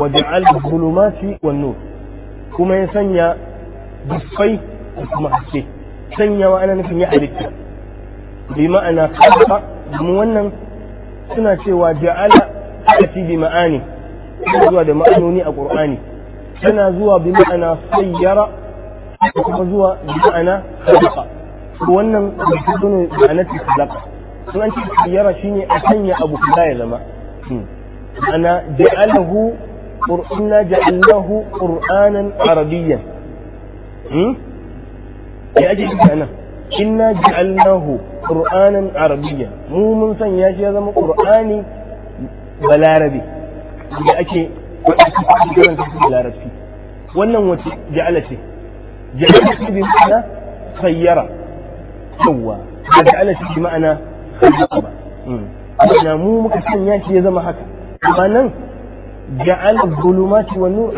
wa ja'al zulumati nur kuma ya sanya dufai da kuma haske sanya wa ana nufin ya halitta bi ma'ana kafa mu wannan suna cewa ja'ala ta'ati bi ma'ani zuwa da ma'anoni a qur'ani tana zuwa bi ma'ana sayyara da kuma zuwa bi ma'ana khalaqa wannan mutum ne ma'ana khalaqa sun an ce sayyara shine a sanya abu kula ya zama hmm. ana ja'alahu qur'ana ja'alahu qur'anan arabiyyan ya hmm? ake kika inna ja'alnahu qur'anan arabiyyan mu mun sanya shi ya zama qur'ani balarabi da ake waɗansu kuma karanta su larabci wannan wace ja'ala ce ja'ala ce bi ma'ana sayyara yawa ba ja'ala ce bi ma'ana sayyara ba hmm. na mu muka sanya shi ya zama haka amma nan ja'ala zulumati wa nur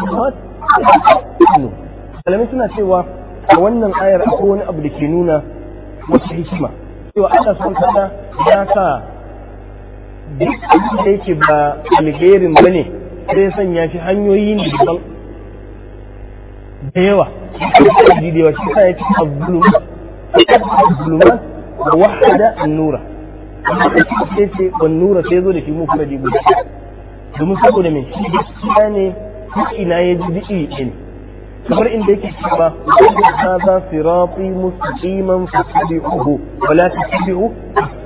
zulumat malamai suna cewa a wannan ayar akwai wani abu da ke nuna wata hikima cewa Allah sun kada ya sa duk abin da yake ba alherin ne. sai ya sanya shi hanyoyi ne daban da yawa shi da yawa shi sa ya ce abdulman wahada annura sai ce annura sai zo da shi muku da jibu domin saboda mai shi gaskiya ne ina ya ji di'i ne kamar inda yake cewa hadha sirati mustaqiman fattabi'uhu wa la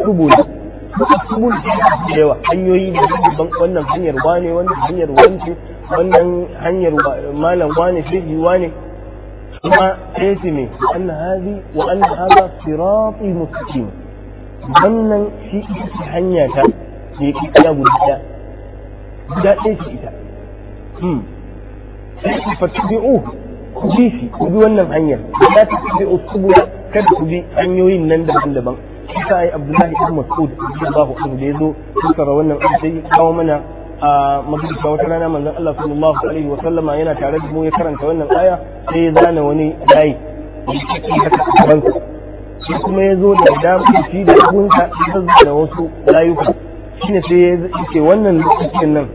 su bude. mu'assibun da yawa hanyoyi da daban wannan hanyar wane wannan hanyar wance wannan hanyar malam wane fiji wane kuma sai ne wa anna hadhi wa anna hadha wannan shi ita hanya ta ne kiya guda guda ɗaya ce ita hmm. sai ku fatibi'u ku bi shi ku bi wannan hanyar ba ta tabi'u subula kada ku bi hanyoyin nan daban-daban isa ai abdullahi ibn mas'ud radiyallahu anhu da yazo suka wannan sai kawo mana a magrisa wata rana manzon Allah sallallahu alaihi wa sallama yana tare da mu ya karanta wannan aya sai ya zana wani layi shi kuma ya zo da damar shi da gunta ta zana wasu layuka ne sai ya ce wannan lokacin nan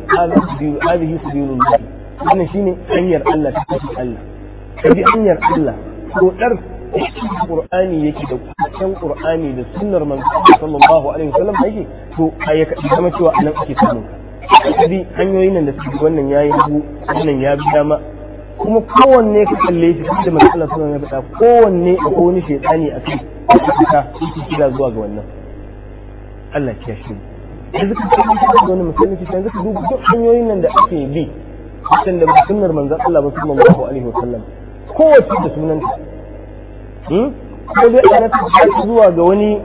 hadhihi subilullah wannan ne hanyar Allah ta Allah kaji hanyar Allah ko dar aikin qur'ani yake da kusan qur'ani da sunnar manzo sallallahu alaihi wasallam yake to ya zama cewa anan ake samu kadi hanyoyin nan da suke wannan yayi hagu wannan ya bi dama kuma kowanne ka kalle shi da manzo sallallahu alaihi wasallam ya faɗa kowanne akwai wani shaytani a kai ka yake kira zuwa ga wannan Allah ya shi yanzu ka kalli shi da wani musulunci yanzu ka duba duk hanyoyin nan da ake bi wajen da sunnar manzo Allah sallallahu alaihi wasallam kowace da sunanta Hmm? ko dai a nasa zuwa ga wani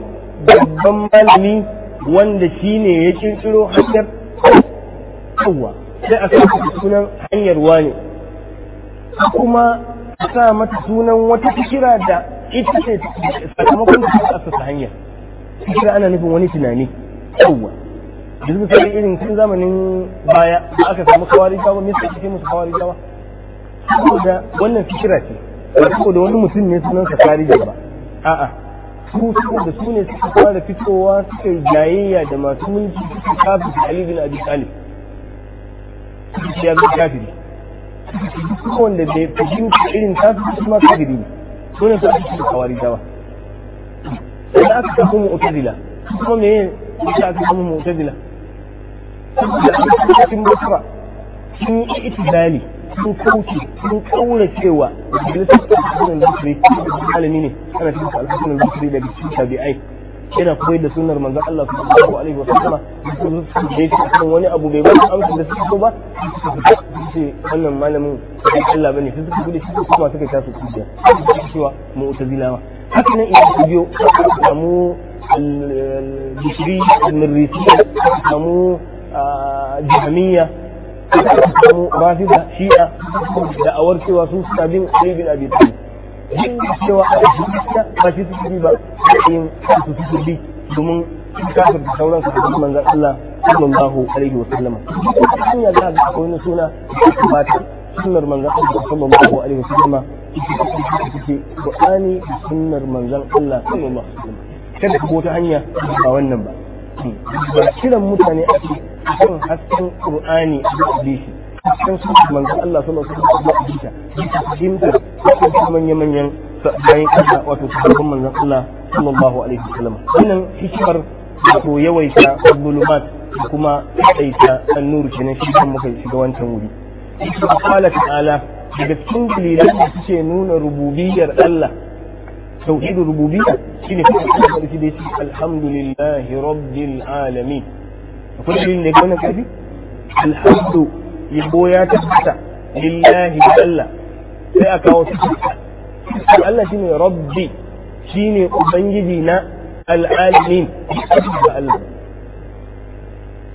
babban malami wanda shi ne ya kirkiro hanyar kowa sai a sa sunan hanyar wani kuma a sa mata sunan wata fikira da ita ce sakamakon da aka asasa hanyar fikira ana nufin wani tunani kowa duk sai irin tun zamanin baya ba aka samu kawari jawa me suka musu kawari jawa saboda wannan fikira ce ba saboda wani mutum ne sunan sa kharija ba a'a su saboda su ne suka fara fitowa suka yi jayayya da masu mulki suka kafa da Ali bin Abi Talib suka ce ya zama kafiri duk wanda bai fahimta irin kafiri su ma kafiri ne su ne su ake cikin kawari dawa sai aka kafa mu'tazila kuma me yasa aka kafa mu'tazila saboda a cikin basra sun yi itizali sun kauce sun kaura cewa majalisar alhassan al-basri malami ne ana cikin alhassan al-basri da cikin tabi'ai yana koyar da sunnar manzan Allah sallallahu alaihi wasallam da yake kan wani abu bai bada amsa da suke so ba ce wannan malamin Allah bane sai suka gudu suka kuma suka tasu kujiya cewa mu'tazilawa haka nan idan ku biyo al-bishri al-mirrisi ah, jahmiya samu mafi da shi'a da awar cewa sun suna bin aibin abi talib jin cewa a shi'a ba shi suke bi ba yin su suke bi domin kafir da sauran su da manzan Allah sallallahu alaihi wa sallama sun ya ga akwai wani suna ba ta sunnar manzan Allah sallallahu alaihi wa sallama suke Qur'ani da sunnar manzan Allah sallallahu alaihi wa sallama kada ka ta hanya ba wannan ba hmm. kiran mutane a akan hasken qur'ani da hadisi hasken sunan manzon Allah sallallahu alaihi wasallam da hadisi bisa fahimtar wasu manyan manyan bayan Allah wato sahabban manzon Allah sallallahu alaihi wasallam wannan hikimar wato yawaita bulumat da kuma tsaita annuru kenan shi kan muka shiga wancan wuri Allah ta'ala daga cikin dalilan da suke nuna rububiyar Allah tauhidul rububiyya shine kuma da shi da alhamdulillahi rabbil alamin akwai shirin da ya gaunar ƙarfi alhamdu yabo ya tabbata lillahi Allah sai a kawo su Allah shine rabbi shine ubangiji na al'alimin da Allah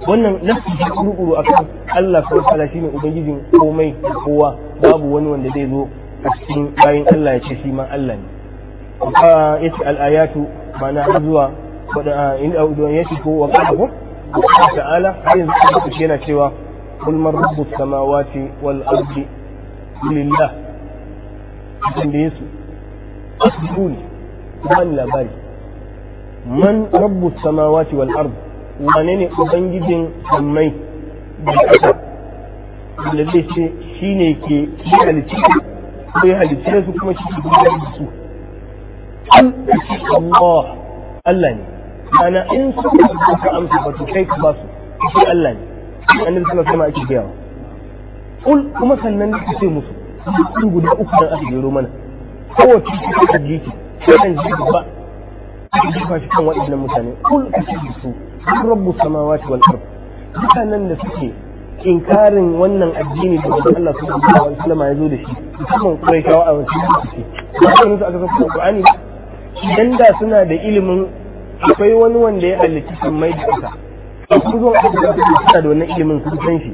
wannan nafsi shi kurkuru akan Allah sau ta'ala shine ubangijin komai da kowa babu wani wanda zai zo a cikin bayan Allah ya ce shi ma Allah ne ya ce al'ayatu ma na zuwa wadda ya ko wa ƙarfafa Allah ta'ala har yanzu Allah yana cewa kul man rabbu samawati wal ardi lillah da yesu asbuni ban labari man rabbu samawati wal ardi wane ne ubangijin sammai da kasa da zai ce shi ne ke halicci ko ya halicci su kuma shi ke gudanar da su Allah Allah ne ana in su ka amsa ba su kai ka ba su shi Allah ne annabi sallallahu alaihi wasallam ake gaya kul kuma sannan ka ce musu kun guda uku da aka gero mana kowace ta kaddiki kan ji ba aka ba shi kan waɗannan mutane kul ka ce su rabbu samawati wal ard mutanen da suke inkarin wannan addini da wanda Allah subhanahu wa ta'ala ya zo da shi musamman kawo a wancan lokaci ba su aka san Qur'ani idan da suna da ilimin akwai wani wanda ya halitta mai da ƙasa ku zo a cikin da suna da wannan ilimin sun san shi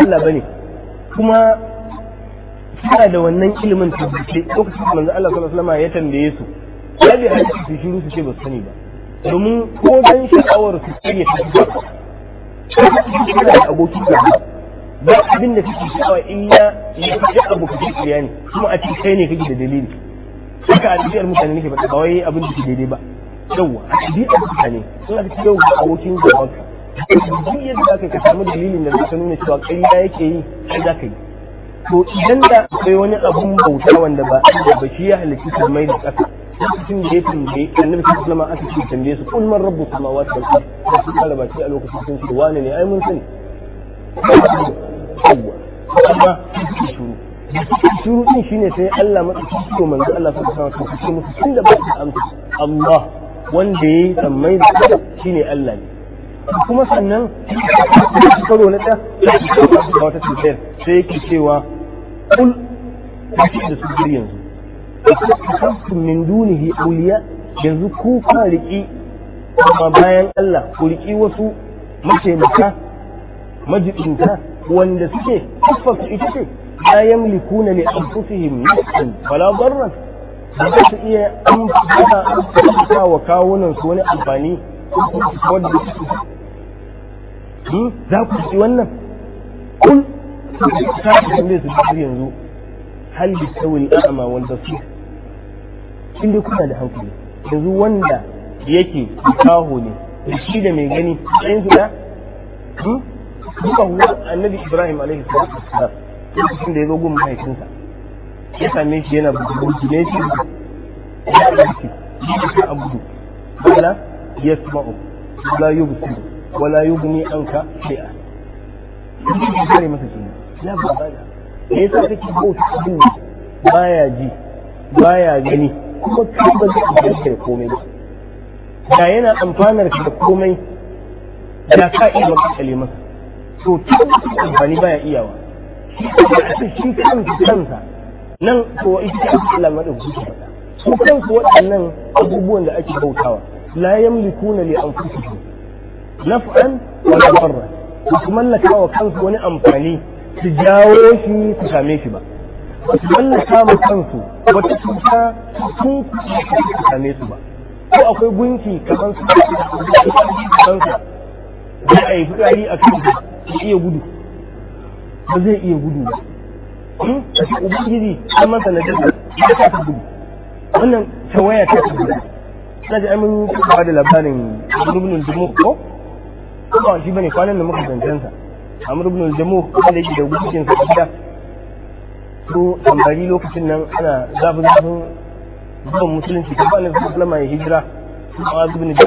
Allah bane kuma suna da wannan ilimin tabbace lokacin da manzo Allah sallallahu alaihi wasallam ya tambaye su ya bi hadisi su shiru su ce ba su sani ba domin ko dan sha'awar su kare ta ba da aboki da ba abin da kake sha'awa in ya abokin abu ya ne, kuma a cikin kai ne kake da dalili haka a cikin mutane nake ba wai abin da ke daidai ba yau a ɗabi'ar mutane suna da a ga abokin gabanka duk yadda za ka ka samu dalilin da za ka nuna cewa ƙarya yake yi sai za ka yi to idan da akwai wani abun bauta wanda ba da ba shi ya halitta kalmai da ƙasa lokacin da ya tambaye annabi sallallahu alaihi wasallam aka ce tambaye su kun man rabbu samawati wal ardi da su fara baki a lokacin sun ce wane ne ai mun sani amma shuru shuru din shine sai Allah madaukakin manzo Allah sallallahu alaihi wasallam ya ce musu tunda ba su amsa Allah wanda ya yi sammai da ƙasa shine Allah ne kuma sannan karo na ɗaya da wata cutar sai yake cewa kul da shi da su yanzu kasu min dunihi awliya yanzu ku ka riki amma bayan Allah ku riki wasu mataimaka majibinta wanda suke su ita ce la yamlikuna li anfusihim nafsan wala darran ba za su iya amfana wa kawunan su wani amfani wadda su hmm? za ku ci wannan kun ta tambaye su duk yanzu hal bi sawil a'ma wal su in dai kuna da hankali yanzu wanda yake kaho ne da shi da mai gani ɗayan su da hmm? duka huwa annabi ibrahim alaihi salatu wassalam lokacin da ya zo gun mahaifinsa ya same shi yana bugun shi ne shi ya ɗauki shi ya abu wala ya sma'u wala yubsi wala yubni anka shay'a shi ne kare masa kenan ya ba ba me yasa kake bauta abin baya ji baya gani kuma kuma ba zai amfana da komai ba da yana amfanar da komai da ka iya makakale masa to tun amfani baya iyawa shi kansa kansa nan to ita ce Allah madaukaki ke faɗa su kan kansu nan abubuwan da ake bautawa la yamlikuna li anfusihim naf'an wala darra ba su mallaka wa kansu wani amfani su jawo shi su same shi ba ba su mallaka ma kansu wata cuta sun kuɗi su same su ba ko akwai gunki kamar su kansa da a yi fitsari a kansu su iya gudu ba zai iya gudu ba ubangiji an masa na jirgin ya ta gudu wannan tawaya ta ta gudu na ji amin ba da labarin rubnul jamu ko ko ba shi bane kwanan da muka zancensa amma rubnul jamu wanda yake da gudun sa gida su tambari lokacin nan ana zafin zafin zuwan musulunci ta bani su kalama ya hijira su ba zubin da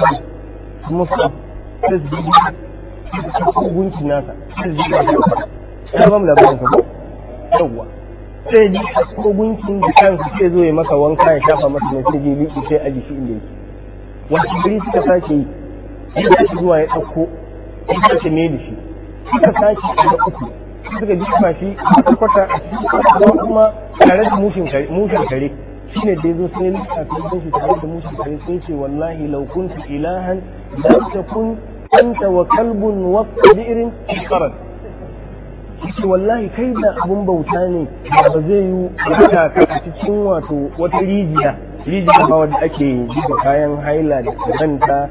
su musa sai su gudu su gunki nasa sai su gudu su ba mu labarin sa ko yawwa sai ji ko gunkin da kansa sai zo ya maka wanka ya shafa masa mai sai jibi sai a jiki inda yake wasu gari suka sake yi ya tashi zuwa ya ɗauko ya sake mai da shi suka sake a da uku suka ji kuma shi a kwata a kuma tare da mushin kare shi ne da ya zo sai a cikin shi tare da mushin kare sai ce wallahi laukunta ilahan da ta kun anta wa kalbun wa kadirin karat yace wallahi kai da abun bauta ne ba zai yi wata a cikin wato wata rijiya rijiya ba wadda ake da kayan haila da kazanta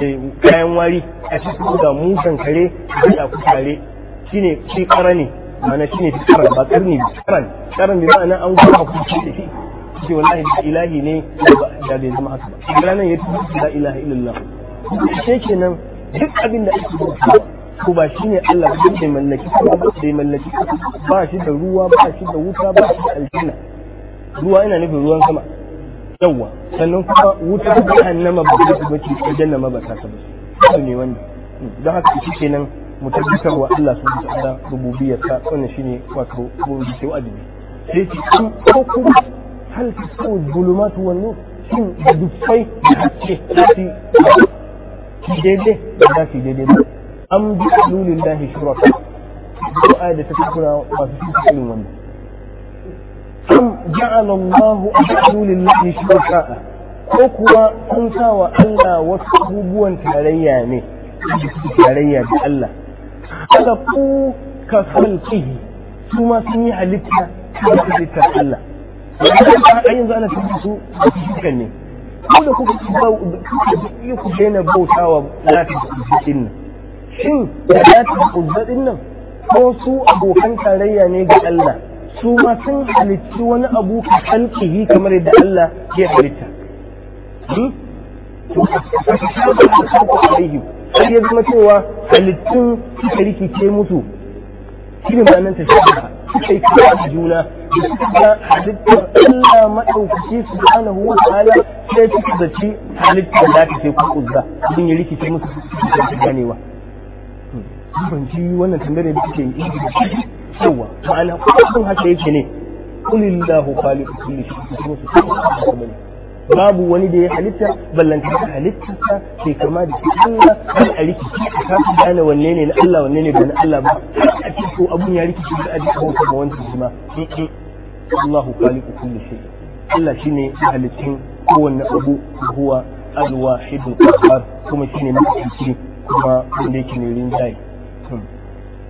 da kayan wari a cikin ga mukan kare da a kutare shine shi ne mana shine ne kara ba karni karan karan bi ma'ana an kuma kuce da shi ce wallahi da ilahi ne da bai zama haka ba ranar ya tuba la ilaha illallah shi kenan duk abin da ake bauta ko ba shi ne Allah ba shi mallaki ba da mallaki ba shi da ruwa ba shi da wuta ba shi da aljanna ruwa yana nufin ruwan sama yawa sannan kuma wuta jahannama ba ta ba ce aljanna ma ba ta ta ba su ne wanda don haka shi kenan mu wa Allah su da Allah rububiyyar ta wannan shine wato rubuce wajibi sai ce ko kuma hal ko zulumatu wan nur shin da dukkai da haske za daidai ba za su daidai ba An am ja'alu lillahi shuraka du'a da ta tukuna masu cikin wani. An am ja'ala Allahu ja'alu lillahi shuraka ko kuwa sun sa wa Allah wasu abubuwan tarayya ne tarayya da Allah kada ku ka khalqihi su ma sun yi halitta da halitta Allah a yanzu ana cikin su a cikin ne ko da kuka iya ku daina bautawa latin da cikin nan shin ya ta uzza din nan ko su abokan tarayya ne ga Allah su ma sun halitti wani abu ka kalkihi kamar yadda Allah ke halitta hmm? sai ya zama cewa halittun suka rikice musu shirin ne nan ta shafa suka yi kawo a juna da suka ga halittar Allah maɗaukaki su ana huwa ala sai suka zaci halittar da ta ce ko uzza sun yi rikice musu suka ganewa banci wannan tambayar da kike yi yawa ma'ana kun haka yake ne kulillahu khaliqu kulli shay'in babu wani da ya halitta ballanta da halittarsa sai kama da shi Allah an a rikici a kafin gane wanne ne na Allah wanne ne bane Allah ba a ce ko abun ya rikici da aji ko kuma wancan shi ma Allahu khaliqu kulli shay Allah shine halittin kowanne abu huwa al-wahidul qahhar kuma shine mai kuma wanda yake ne rinjaye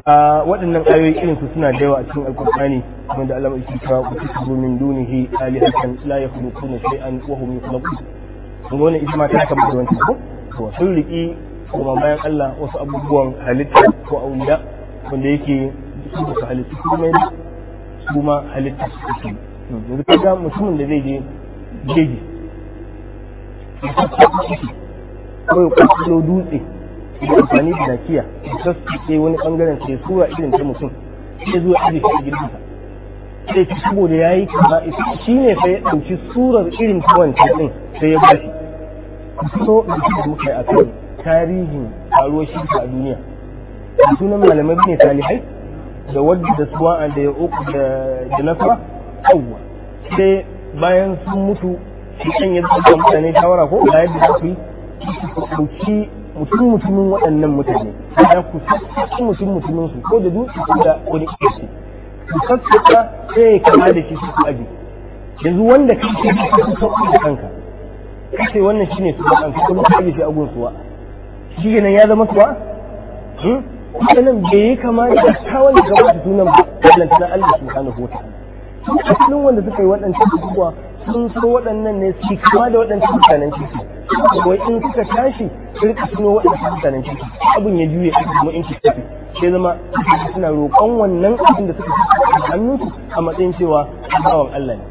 a waɗannan ayoyi irin su suna da yawa a cikin alkur'ani kuma da Allah yake cewa ku tusibu min dunihi alihatan la yakhluquna shay'an wa hum yakhluqun kuma wannan ita ma ta kama da wancan ko to sun riki kuma bayan Allah wasu abubuwan halitta ko auliya wanda yake su da halitta su mai su ma halitta su ke yanzu ka ga mutumin da zai je jeji ya sa ko ya kwaso dutse ya amfani da nakiya ta sai wani bangaren sai sura irin ta mutum sai zuwa irin ta gidansa sai ta saboda yayi isa shi ne fa ya dauki surar irin ta wancan ɗin sai ya bashi so da muka yi a kan tarihin faruwar shi a duniya sunan malamai bane salihai da wadda da suwa da ya uku da nasara yawwa sai bayan sun mutu shi kan mutane shawara ko ga da su yi mutum mutumin waɗannan mutane da ku sassaƙi mutum mutumin su ko da dutse ko da wani ƙarfi ku sassaƙa sai kama da shi su aji yanzu wanda kai ce da su sauƙi da kanka ce wannan shine su ba an kuma kaje shi agun ba. shi kenan ya zama suwa hmm? kuma nan bai yi kama da tawon da gaba da sunan ba wannan tana Allah subhanahu wa ta'ala asalin wanda suka yi waɗancan abubuwa sun so waɗannan ne su kama da waɗancan mutanen ciki wai in suka tashi su rika suno waɗancan mutanen ciki abin ya juye a kuma in ciki sai zama suna roƙon wannan abin da suka hannun su a matsayin cewa bawan Allah ne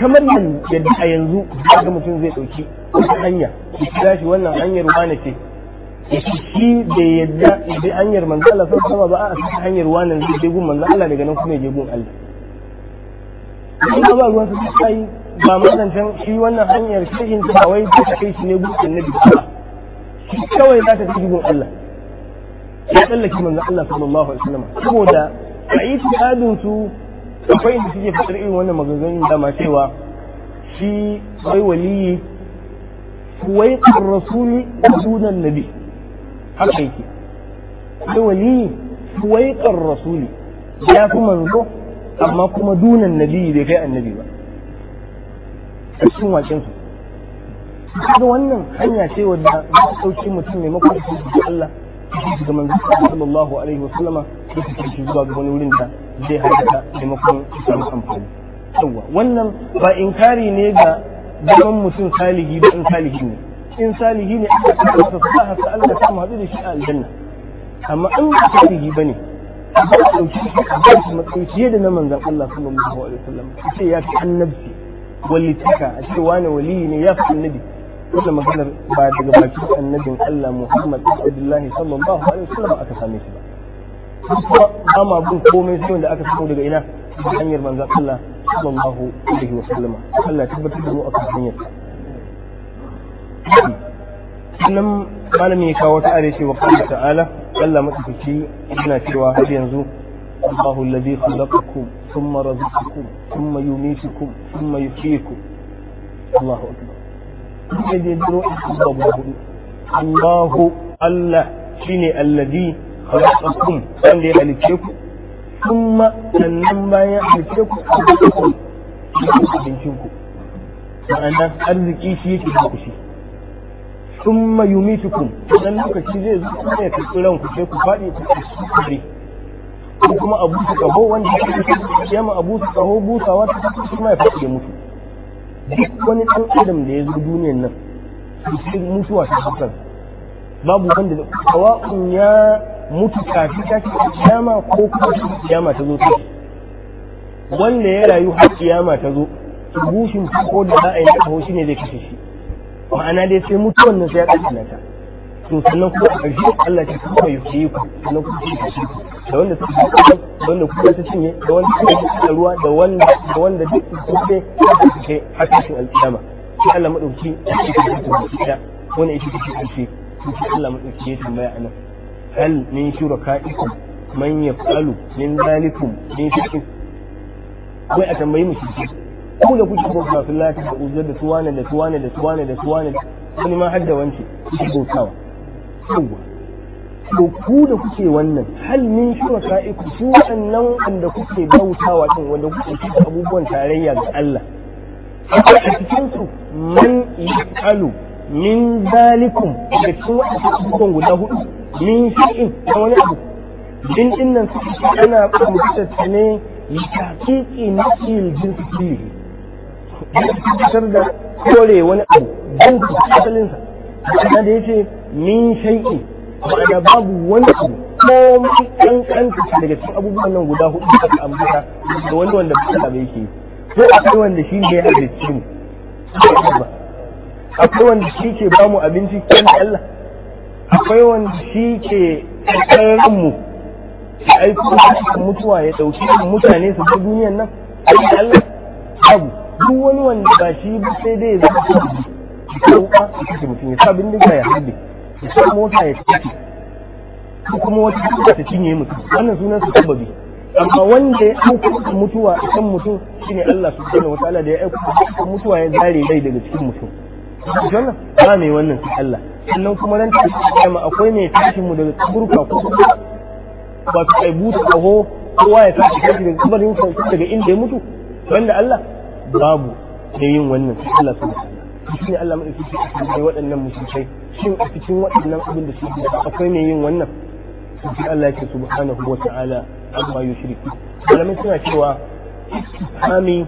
kamar nan yadda a yanzu ga mutum zai ɗauki wata hanya ya kira shi wannan hanyar wane ce ya shi da yadda da hanyar manzo Allah sai kuma ba a san hanyar wannan zai je gun manzo Allah daga nan kuma ya je gun Allah in ba ruwan su yi ba mazancan shi wannan hanyar shirin ta wai ta kai shi ne gudun na ba shi kawai za ta fi gun Allah ya tsallake manzan Allah sallallahu alaihi wasallam saboda a yi tsadin su akwai da suke fitar irin wannan maganganun dama cewa shi wai waliyi wai rasuli dunan nabi haka yake wai waliyi wai rasuli ya fi manzo amma kuma dunan nabi bai kai annabi ba a cikin waken su kaga wannan hanya ce wadda za ta dauki mutum maimakon su da Allah shi ga manzo sallallahu alaihi wasallama da su shi zuwa ga wani wurin da zai haɗa maimakon samu amfani yawa wannan ba inkari ne ga zaman mutum salihi ba in salihi ne in salihi ne aka kasa wasu sa Allah ta mu haɗu da shi a aljanna amma in ba salihi bane a ba ɗauki shi a ba shi matsayi da na manzon Allah sallallahu alaihi wasallam sai ya fi annabci walitaka a ce wani wali ne ya fi annabi wata maganar ba daga bakin annabin Allah Muhammad Abdullahi sallallahu alaihi wasallam aka same shi ba kuma ba ma bin komai sai da aka samu daga ina hanyar manzo Allah sallallahu alaihi wasallam Allah tabbata da mu akan hanyar sannan malami ya kawo ta are shi wa ta'ala Allah madaukaki yana cewa har yanzu الله الذي خلقكم ثم رزقكم ثم يميتكم ثم يحييكم الله أكبر الله الله شيني الذي خلقكم عندي عليكم ثم تنمى عليكم عليكم بنشكم أنا أرزق إيشي تبكشي ثم يميتكم أنا كشيء زوجي كلهم كشيء كفاري كشيء كفاري ko kuma a busa kaho wanda ya fi ya ma a busa kaho busawa ta kasu shi ma ya faɗi ya mutu duk wani ɗan adam da ya zo duniyar nan su mutuwa ta hakan babu wanda da kawa'un ya mutu kafin ta ce kiyama ko kuma ta kiyama ta zo ta wanda ya rayu har kiyama ta zo bushin ko da za a yi na kaho shi ne zai kashe shi ma'ana dai sai mutuwan nan sai ya ɗaɗa ta to sannan kuma a ƙarshe Allah ke kuma ya yi ku sannan kuma ya kashe ku da wanda ta yi kashe da wanda kuma ta cinye da wanda ta yi da ruwa da wanda da wanda duk su ne ya kashe har cikin alƙiyama sai Allah madauki ya ce ka kashe ku da wani ita take kashe to shi Allah madauki ya tambaya nan, hal min ka'ikum man yaf'alu min zalikum min shirkin wai a tambayi mu shi ku da kuke bauta Allah ta da uzur da tuwana da tuwana da tuwana da tuwana wani ma hadda wance kuke bautawa yawa to ku da kuke wannan hal min shuraka iku su annan wanda kuke bautawa din wanda kuke ci abubuwan tarayya ga Allah a cikin su man yasalu min zalikum da cikin waɗannan abubuwan guda hudu min shay'in da wani abu din din nan suke ana kuma ne ya taƙiƙi na il jinsi su da tabbatar da kore wani abu don asalinsa da ya ce min shay'in ma'ana babu wani abu komai kankanta daga cikin abubuwan nan guda hudu da aka ambata da wani wanda ba Allah bai yake ko akwai wanda shi ne ya halicce mu akwai wanda shi ke ba mu abinci kan Allah akwai wanda shi ke karkarar mu ya aiko mutuwa ya dauki mutane su ga duniyan nan Allah abu duk wani wanda ba shi ba sai dai ya zama ko ba mutum ya sa bindiga ya haɗe. ya sa mota ya tafi ko kuma wata duka ta cinye mutum wannan sunan su sababi amma wanda ya ɗauka mutuwa a kan mutum shine Allah subhanahu wataala da ya ɗauka mutuwa ya zare rai daga cikin mutum wannan ba mai wannan sai Allah sannan kuma nan ta kiyama akwai mai tashin mu daga kaburka ko ba su kai buta ko kowa ya tashi kashi daga kabarin sa daga inda ya mutu banda Allah babu da yin wannan sai Allah subhanahu shi ne Allah mai suke cikin waɗannan musulmai shin a cikin waɗannan abin da suke akwai ne yin wannan sai Allah yake subhanahu wa ta'ala amma yushriku malamai suna cewa istifhami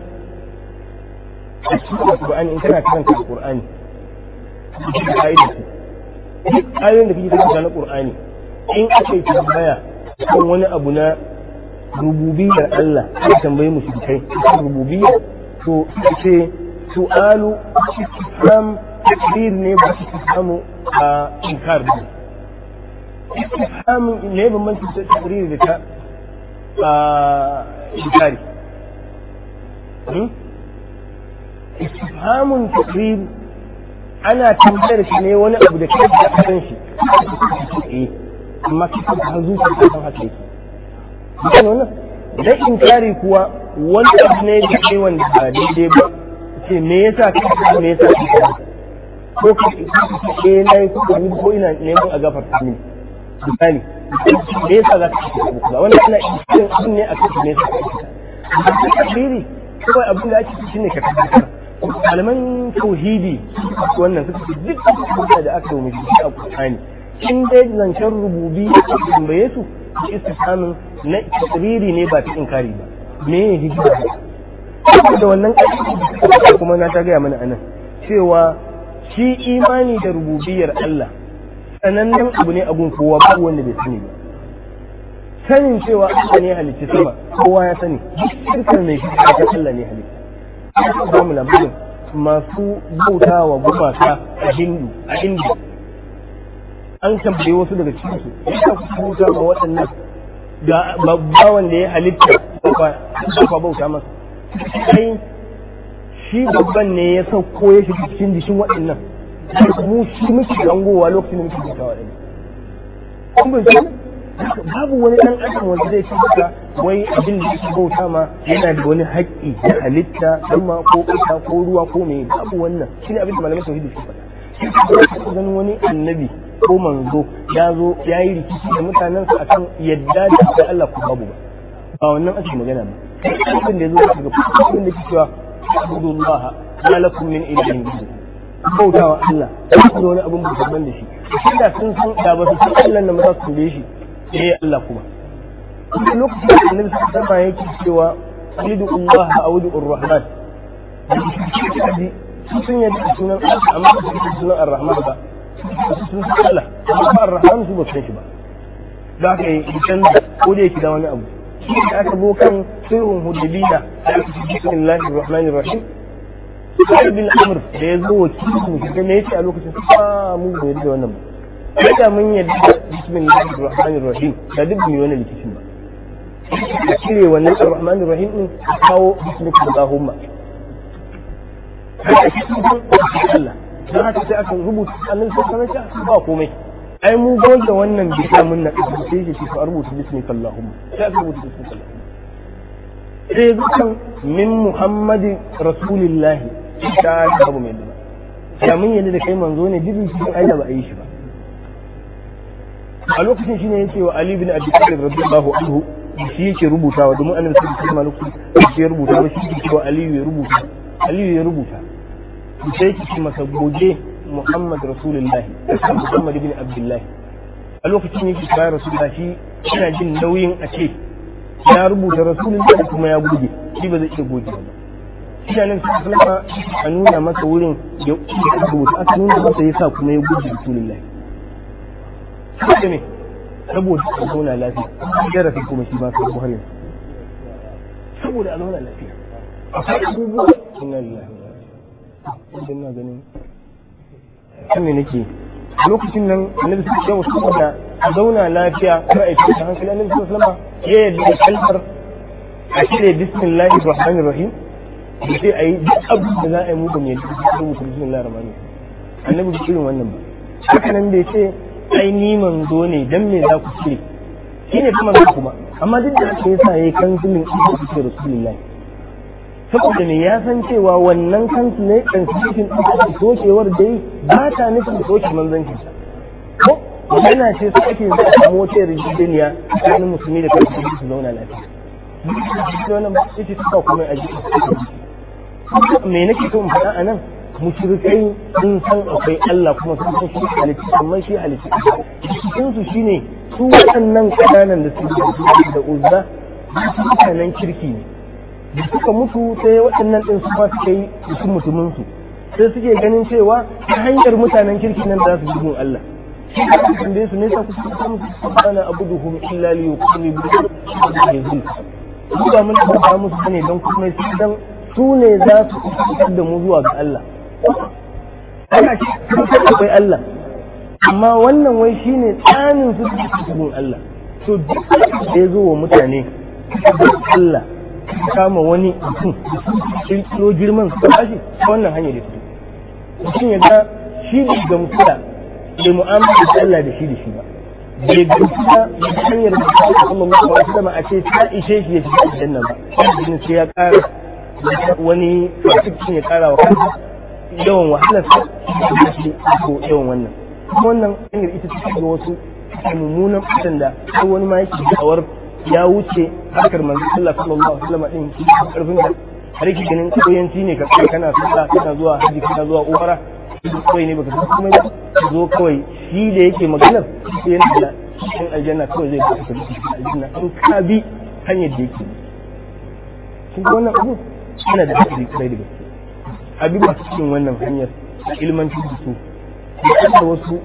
a cikin alqur'ani in kana karanta alqur'ani cikin ayyuka su ayoyin da kake karanta na qur'ani in aka yi tambaya kan wani abu na rububiyar Allah ya tambayi musulmai rububiyar to sai su'alu istifham takrir ne ba istifham a inkar ne istifham ne bambanci takrir da ta inkari istifhamun takrir ana tambayar shi ne wani abu da kai da san shi amma kika ka zuciya ta san haka yake dan inkari kuwa wani abu ne da kai wanda ba daidai ba ce me yasa ka ce me yasa ka ko ka ce eh, na yi kuka ni ko ina neman a gafarta mini misali me yasa za ka ce ka wani ina irin abin ne a kan me yasa ka ce ka ce abin da ake shine ka ka malaman tauhidi wannan suka ce duk da aka yi shi a Qur'ani in dai zancen rububi a tambaye su istifhamin na riri ne ba ta inkari ba me hijira da wannan kuma na ta gaya mana anan cewa shi imani da rububiyar Allah sanannen abu ne a kowa ba wanda bai sani ba sanin cewa Allah ne halitta sama kowa ya sani dukkan mai shi ta Allah ne halicci ba mu labarin masu bauta wa gumaka a hindu a hindu an tambaye wasu daga cikin su ya ku bauta ma waɗannan ga babban wanda ya halitta ba bauta masa ai shi babban ne ya sauko ya shiga cikin jishin waɗannan mu shi muke rangowa lokacin da muke ɗaya. waɗannan kun bincin babu wani ɗan adam wanda zai ci duka wai abin da yake bauta ma yana da wani haƙƙi na halitta amma ko ƙasa ko ruwa ko mai babu wannan shine abin da malamai tauhidi suke faɗa shi ganin wani annabi ko manzo ya zo ya yi rikici da mutanensa akan yadda da Allah ko babu ba ba wannan ake magana ba kai abin da zo daga abin da ke cewa abudullaha ma lakum min ilahin bihi bautawa Allah ko wani abin bauta ban da shi shi da sun san da ba su san Allah na maza su da shi eh Allah kuma lokacin da Annabi sallallahu alaihi wasallam yake cewa ulidu Allah aw ulidu Ar-Rahman sun yadda sunan Allah amma ba su rahman ba sun san Allah amma Ar-Rahman su ba san shi ba da haka ko da yake da wani abu shi da aka zo kan sulhun hudaybiya da aka ci bismillahir rahim sai bil amr da ya zo wakilin mu da me a lokacin sa ah, mu bai da wannan ba kada mun yadda bismillahir rahmanir rahim da duk mai wannan likicin ba a cire wannan rahmanir rahim din a kawo bismillahir Allah don haka sai aka rubuta annabi sallallahu ba komai ai mu goge wannan bisa mun na ɗin sai shi shi a rubuta bismika Allahumma sai aka rubuta bismika Allahumma sai zukan min Muhammadu Rasulillahi ta abu mai dama ya mun yadda da kai manzo ne dibin shi ai da ba a yi shi ba a lokacin shine yake wa Ali bin Abi Talib radiyallahu anhu shi yake rubutawa domin annabi sallallahu alaihi wasallam shi ya rubuta shi yake cewa Ali ya rubuta Ali ya rubuta sai yake masa goge muhammad rasulullahi muhammad ibn abdullahi a lokacin yake kira rasulullahi shi yana jin nauyin a ce ya rubuta rasulullahi kuma ya goge shi ba zai iya goge ba shi ne sallama a nuna masa wurin ya rubuta aka nuna masa ya sa kuma ya goge rasulullahi saboda me saboda a zauna lafiya jarafin kuma shi ba su har yanzu saboda a zauna lafiya akwai abubuwa sun lalata wanda na ganin kan ne nake lokacin nan annabi sallallahu alaihi wasallam da zauna lafiya kuma ai cikin hankali annabi sallallahu alaihi wasallam ya yi kalmar a cire bismillahir rahmanir rahim da sai ayi duk abin da za a yi mu ban yadda su rubuta bismillahir rahmanir rahim annabi bai irin wannan ba haka nan da yace ai ni zo ne dan me za ku cire shine kuma kuma amma duk da haka yasa yayi kanzilin ibnu rasulullahi saboda ne ya san cewa wannan kansu ne constitution ɗin sokewar dai ba ta nufin soke manzancin ko yana ce su ake zai samu wata yarjejeniya tsakanin musulmi da kafin su zauna lafiya wannan ita ta kuma a jikin me nake so in faɗa a nan mushrikai sun san akwai Allah kuma sun san shi halitta amma shi halitta cikin su shine su waɗannan kananan da su da uzza mutanen kirki ne da suka mutu sai waɗannan ɗin suka suka yi mutum mutumin su sai suke ganin cewa ta hanyar mutanen kirki nan za su ji Allah shi ka tambaye su ne sa ku na abu da abuduhum illa li yuqimi bi da su ba mun ba musu ne don kuma su dan su ne za su kusantar da mu zuwa ga Allah ana shi akwai Allah amma wannan wai shi ne tsanin su su Allah to duk da ya zo wa mutane Allah kama wani mutum sun girman su bashi ta wannan hanyar da su mutum ya ga shi ga mutuwa da mu'amala da Allah da shi da shi ba bai gamsuwa da hanyar da ta yi kuma mutuwa wasu zama a ce ta ishe shi ya shiga aljanna ba yanzu ce ya kara wani fasikin ya kara wa kansa yawan wahalar sa da shi ko yawan wannan wannan hanyar ita ta shiga wasu mummunan fitan da wani ma yake da'awar ya wuce harkar manzo Allah sallallahu alaihi wasallam din shi karfin da harki ki ganin koyanci ne ka kana sallah kana zuwa haji kana zuwa umara kai ne baka san komai zo kawai shi da yake magana yana da cikin aljanna kawai zai ka tafi aljanna in ka bi hanyar da yake kin wannan abu yana da hadisi kai da gaske abi ba cikin wannan hanyar ilmantar da su da wasu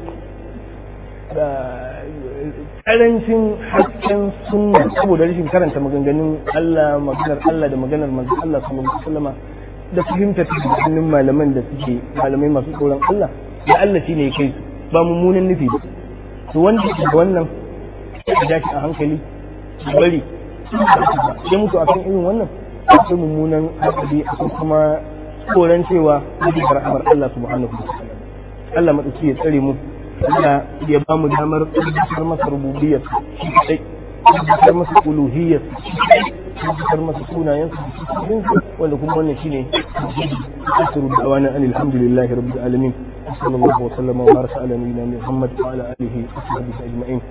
ah, karancin hasken sunna saboda rashin karanta maganganun Allah maganar Allah da maganar manzo Allah sallallahu alaihi wasallam da fahimta tunanin malaman da suke malamai masu tsoron Allah da Allah shine ya kai ba mummunan nufi ba to wanda ke da wannan ya shi a hankali bari ya mutu akan irin wannan akwai mummunan haɗari akwai kuma tsoron cewa zai rahmar Allah subhanahu wa ta'ala Allah madauki ya tsare mu Allah iya ba mu damar tabbatar masa rububiyyar shi kadai tabbatar masa uluhiyyar shi kadai tabbatar masa sunayen su wanda kuma wannan shine asiru da wani alhamdulillahi rabbil alamin sallallahu alaihi wa sallam wa baraka ala nabiyyina muhammad wa ala alihi wa sahbihi ajma'in